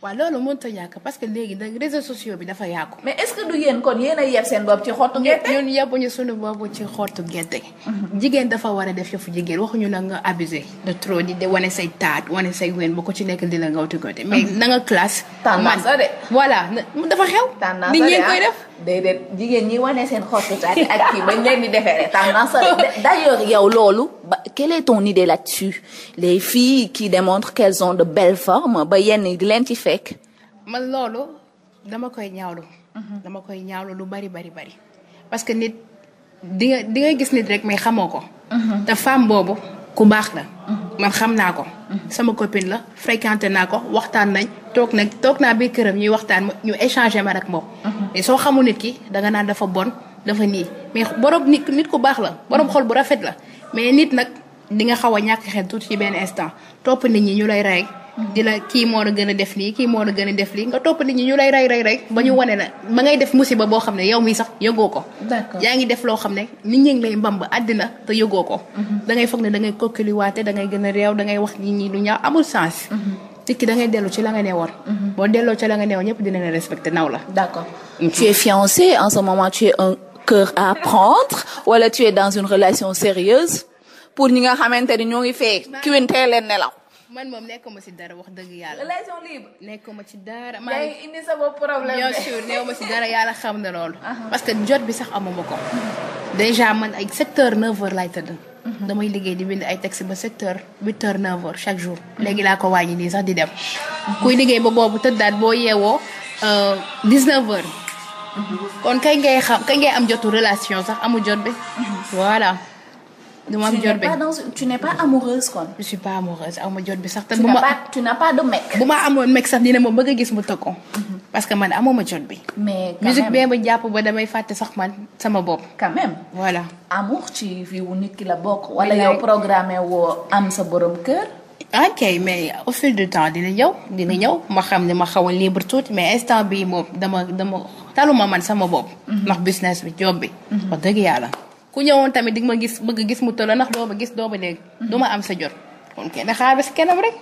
waaw loolu mënut a ñàkk parce que léegi nag réseaux sociaux bi dafa yàqu. mais est-ce que du yéen kon yéen a yeb seen bopp ci xottu gerte. ñun yebuñu sunu bopp mhm. jigéen dafa war a def yëfu jigéen waxuñu na nga abusé. de trop di de wane say taat wane say ween boo ko ci nekk di la ngawti ngawti mais mhm. na nga classe. tendance de voilà dafa xew. tendance de nit ñi ah. koy def. déedéet jigéen ñi wane seen xottu taat ak kii ba leen di defee tendance d'ailleurs yow loolu ba quelle est ton idée là-dessus les filles qui démontrent qu'elles ont de belles formes ba yenn leen ci fekk. man loolu dama koy ñaawlu. Mhm. dama koy ñaawlu lu bari bari bari parce que nit di nga di nga gis nit rek mais xamoo ko. Mhm. te femme boobu. ku baax la. man xam naa ko. sama copine la fréquenté naa ko waxtaan nañ toog nañ toog naa biir këram ñuy waxtaan ñu échangé ma rek moom. mais soo xamul nit ki danga naan dafa bon dafa nii mais borom nit nit ku baax la borom xol bu rafet la mais nit nag di nga xaw a ñàkk xel tuuti ci benn instant topp nit ñi ñu lay rey. di la kii moo la gën a def lii kii moo la gën a def lii nga topp nit ñi ñu lay rey rey ba ñu wane na ma ngay def musiba boo xam ne yow mii sax yëgoo ko. yaa ngi def loo xam ne nit ñi ngi lay mhm. da ngay da ngay kokkiluwaate da ngay gën a da ngay wax nit amul sens. Mhm. nit ki da ngay dellu ci la nga newoon. Mhm. boo delloo ci la nga newoon ñëpp dina la respecté naw la. tu es fiancé en ce tu es un cœur à prendre tu es dans une relation sérieuse pour ñi nga xamante ni ñoo ngi fee kiwintee leen nelaw man moom nekkuma ci dara wax dëgg yàlla. relation nekkuma ci dara. maa indi sa bopp problème bien sûr neewuma ci dara yàlla xam na loolu. parce que jot bi sax amuma ko. déjà man ay 7 heures 9 laay tëdd. Mhm. damay liggéey di bind ay texte ba secteur heures 8 heures chaque jour. léegi laa ko wàññi nii sax di dem. kuy liggéey ba boobu tëddaat boo yeewoo 19 euh, heures. Mhm. kon kay ngay xam ngay am jotu relation sax amul jot bi. Mhm. voilà. du ma am jot bi tu n'es pas amoureuse kon. je suis pas amoureuse aw ma jot bi sax. te bu ma tu n'as pas de mec. bu ma amoon mec sax dina ma bëgg a gis mu tëkkoon. Mhm. parce que man amoo ma jot bi. mais quand même bee ma jàpp ba damay fàtte sax man sama bopp. quand même voilà. ci vie wu nit ki la bokk. wala yow programme woo am sa borom kër. Ah, ok mais au fil du temps dina ñaw dina ñëw ma xam ne ma xaw a libre tuuti mais instant bi moom dama dama taluma man sama bopp. Mhm. ndax business bi job bi. Mhm. wax dëgg yàlla. ku ñëwoon tamit di ma gis bëgg gis mu tëla ndax doo ma gis doo ma dégg. du ma am sa jot kon kenn xaar ba si rek.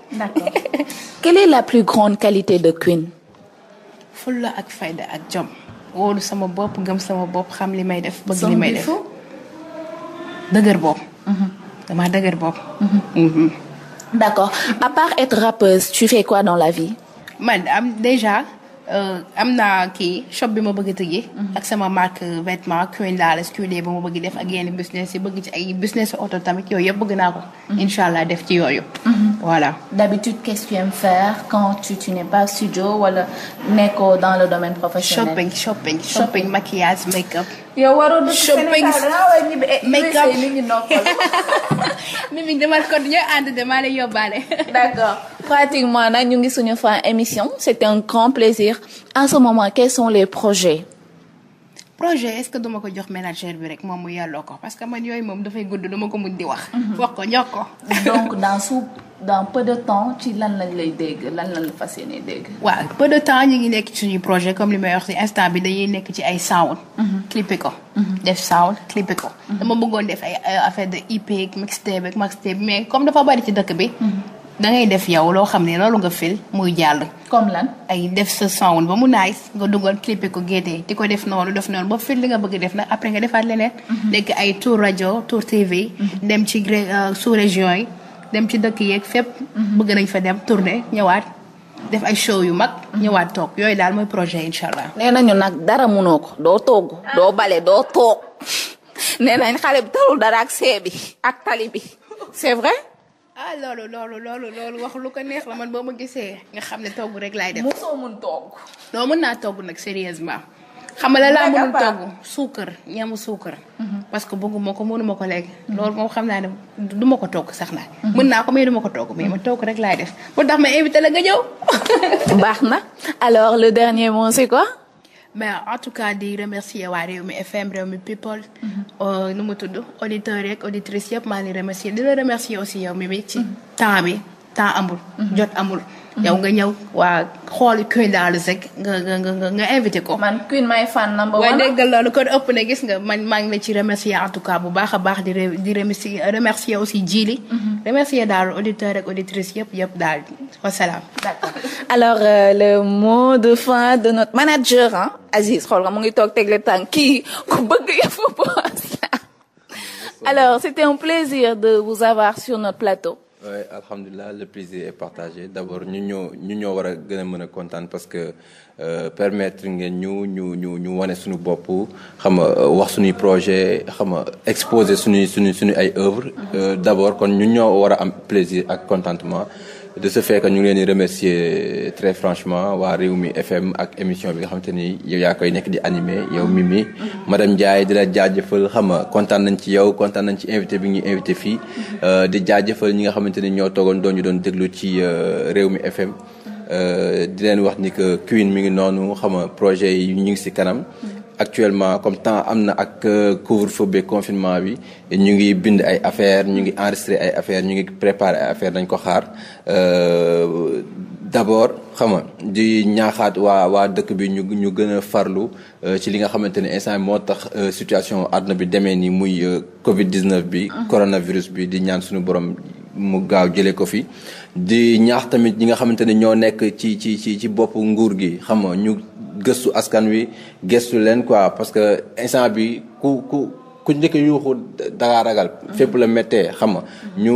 quelle est la plus grande qualité de Queen. fulla ak fayda ak jom. wóolu sama bopp gëm sama bopp xam li may def. bëgg li may def dëgër bopp. Mhm. dama mhm. mhm. à part être rappeuse tu fais quoi dans la vie. man am Euh, am na kii shop bi ma bëgg a tëjee. Mhm. ak sama marque daal Quendal Scuderie ba ma bëgg def ak yenn business yi bëgg ci ay business auto tamit yooyu yëpp bëgg naa ko. Mhm. incha allah def ci yooyu. Mhm. voilà d'habitude qu'est-ce que tu aimes faire quand tu tu pas studio wala nekkoo dans le domaine professionnel. shopping shopping shopping maquillage make-up. yow waroo dugg Sénégal da ngaa war a ñibbi eh, make up mi ngi noppal. mimi demal kon ñooy ànd de maa lay pratiquement nag ñu ngi suñu fin émission c'était un grand plaisir en ce moment quels sont les projets. projet est-ce que duma ko jox ménagère bi rek moom mu yàlloo ko parce que man yooyu moom dafay gudd duma ko mën di wax. Mhm. wax ko dans peu de ci lan lañ lay dégg lan la fas yéene dégg. waaw peu de ñu ngi nekk ci suñu projet comme li may wax ci instant bi dañuy nekk ci ay sound. Mhm. clippé ko. Mhm. def sound clippé ko. Mhm. dama bëggoon def ay euh, affaire de EP ak mixtape ak mais comme dafa bari ci dëkk bi. da ngay def yow loo xam ne loolu nga fil muy jàll. comme lan ay def sa sound ba mu nice nga dugal clippé ko gétee di ko def noonu def noonu ba fil li nga bëgg def nag après nga defaat leneen. nekk ay tour rajo tour TV. dem ci euh, sous région yi. dem ci dëkk yeeg fépp. bëgg nañ fa dem tourner ñëwaat def ay show yu mag. ñëwaat toog yooyu daal mooy projet incha allah. nee nañu nag dara munoo ko doo togg doo bale doo toog nee nañ xale bi tarul dara ak see bi ak tali bi c'est vrai. ah loolu loolu loolu loolu wax lu ko neex la man boo ma gisee nga xam ne togg rek laay dem mosoo mun togg. doo mën naa togg nag sérieusement xam nga la laa mënul togg suukar ñam suukar. parce que bëgguma ko mënuma ko léegi. loolu moom xam naa ne du ma ko togg sax naa. mën naa ko mais ma ko togg mais ma togg rek laay def mu tax ma invité la nga ñëw. baax na alors le dernier mot c'est mais en tout cas di remercier waa Rewmi FM Rewmi People. Euh, nu mu tudd auditeurs yeeg auditrices yëpp maa ngi remercier di la remercier aussi yow mi ci mm-hmm. temps bi. temps amul. Mhm. jot amul. Mhm. yow nga ñëw waa xool Queen Darlings rek nga nga nga nga invité ko. man Queen may fan number one. waaye dégg loolu kon ëpp na gis nga man maa ngi la ci remercier en tout cas bu baax a baax di di remercier remercier aussi Jili. Mhm. remercier daal auditeurs ak auditrices yëpp yëpp daal wasalaam. d'accord alors euh, le mot de fin de notre manager ah Aziz xool nga mu ngi toog tegle tànk kii ku bëgg yëfu alors c'était un plaisir de vous avoir sur notre plateau. oui alhamdulilah le plaisir et partagé d' abord ñu ñoo ñu ñoo war a gën a mën a kontaan parce que euh, permettre ngeen ñu ñu ñu ñu wane suñu bopp xam nga euh, wax suñuy projet xam nga exposer suñuy suñuy suñu ay œuvre euh, d' abord kon ñu ñoo war a am plaisir ak contentement de ce fait que ñu ngi leen di remercier très franchement waa mi FM ak émission bi nga xamante ni yow yaa koy nekk di animé yow Mimi madame Ndiaye di la jaajëfal xam nga kontaan nañ ci yow kontaan nañ ci invité bi ñu invité fii euh, di jaajëfal ñi nga xamante ni ñoo toogoon doon ñu doon déglu ci euh, réew mi FM euh, di leen wax ni que Queen mi ngi noonu xama nga projet yi ñu ngi si kanam actuellement comme temps am na ak euh, couvre-feu bi confinement bi ñu ngi bind ay affaire ñu ngi enregistré ay affaires ñu ngi préparé ay affaires dañ ko xaar euh, d'abord xam nga di ñaaxaat waa waa dëkk bi ñu ñu gën a farlu euh, ci li nga xamante ne instant moo tax situation àdduna bi demee ni muy Covid 19 bi. Mhm. coronavirus bi di ñaan suñu borom. mu gaaw jële ko fi di ñaax tamit ñi nga xamante ne ñoo nekk ci ci ci ci bopp nguur gi xam nga ñu gëstu askan wi gëstu leen quoi parce que instant bi ku ku. ku njëkk a yuuxu dangaa ragal. fépp la méttee xam nga. ñu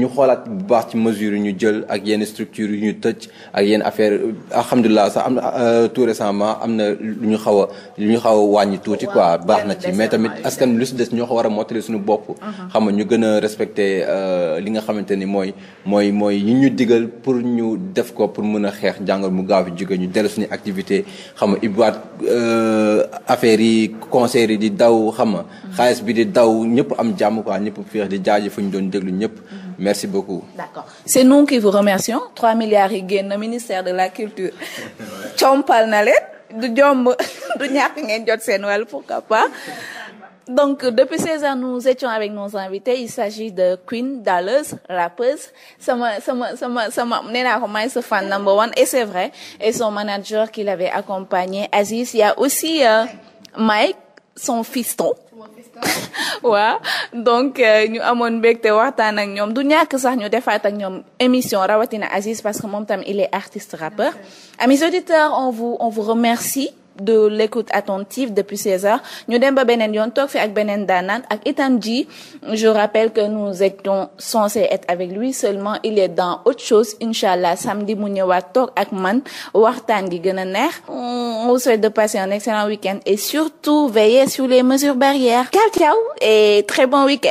ñu xoolaat bu baax ci mesure yu ñu jël ak yenn structures yu ñu tëj ak yenn affaire alhamdulilah sax am na euh, tout récemment am na lu ñu xaw a lu ñu xaw a wàññi tuuti quoi baax na ci mais tamit askan lu si des ñoo ko war a mottali suñu bopp. Uh-huh. xam nga ñu gën a respecté euh, li nga xamante ni mooy mooy mooy yi ñu digal pour ñu def ko pour mën a xeex jàngoro mu gaaw fi jóge ñu dellu suñu activité xam nga ibbaat euh, affaires yi conseils di daw xam xaalis bi di daw ñëpp am jàmm quoi ñëpp féex di jaajëf fu ñu doon déglu ñëpp. Mhm. merci beaucoup. d'accord c'est nous qui vous remercions 3 milliards yi génn ministère de la culture. compal na leen du jomb du ñàkk ngeen jot seen wàll pourquoi pas. Donc, depuis 16 ans, nous étions avec nos invités. Il s'agit de Queen, Dallas, rappeuse. Sama, sama, sama, sama, Nena ce fan number one. Et c'est vrai. Et son manager qui l'avait accompagné, Aziz. y a aussi, euh, Mike, son fiston. waaw donc euh, ñu amoon mbégte waxtaan ak ñoom du ñàkk sax ñu defaat ak ñoom émission rawatina Aziz parce que moom tam il est artiste rappeur. amis auditeurs on vous remercie. de l'écoute attentive depuis 16 heures ñu dem ba beneen yoon toog fi ak beneen daanaan ak Itan G je rappelle que nous étions censés être avec lui seulement il est dans autre chose inchallah samedi mu ñëwaat toog ak man waxtaan gi gën a neex on vous de passer un excellent week-end et surtout veillez sur les mesures barrières ciao ciao et très bon week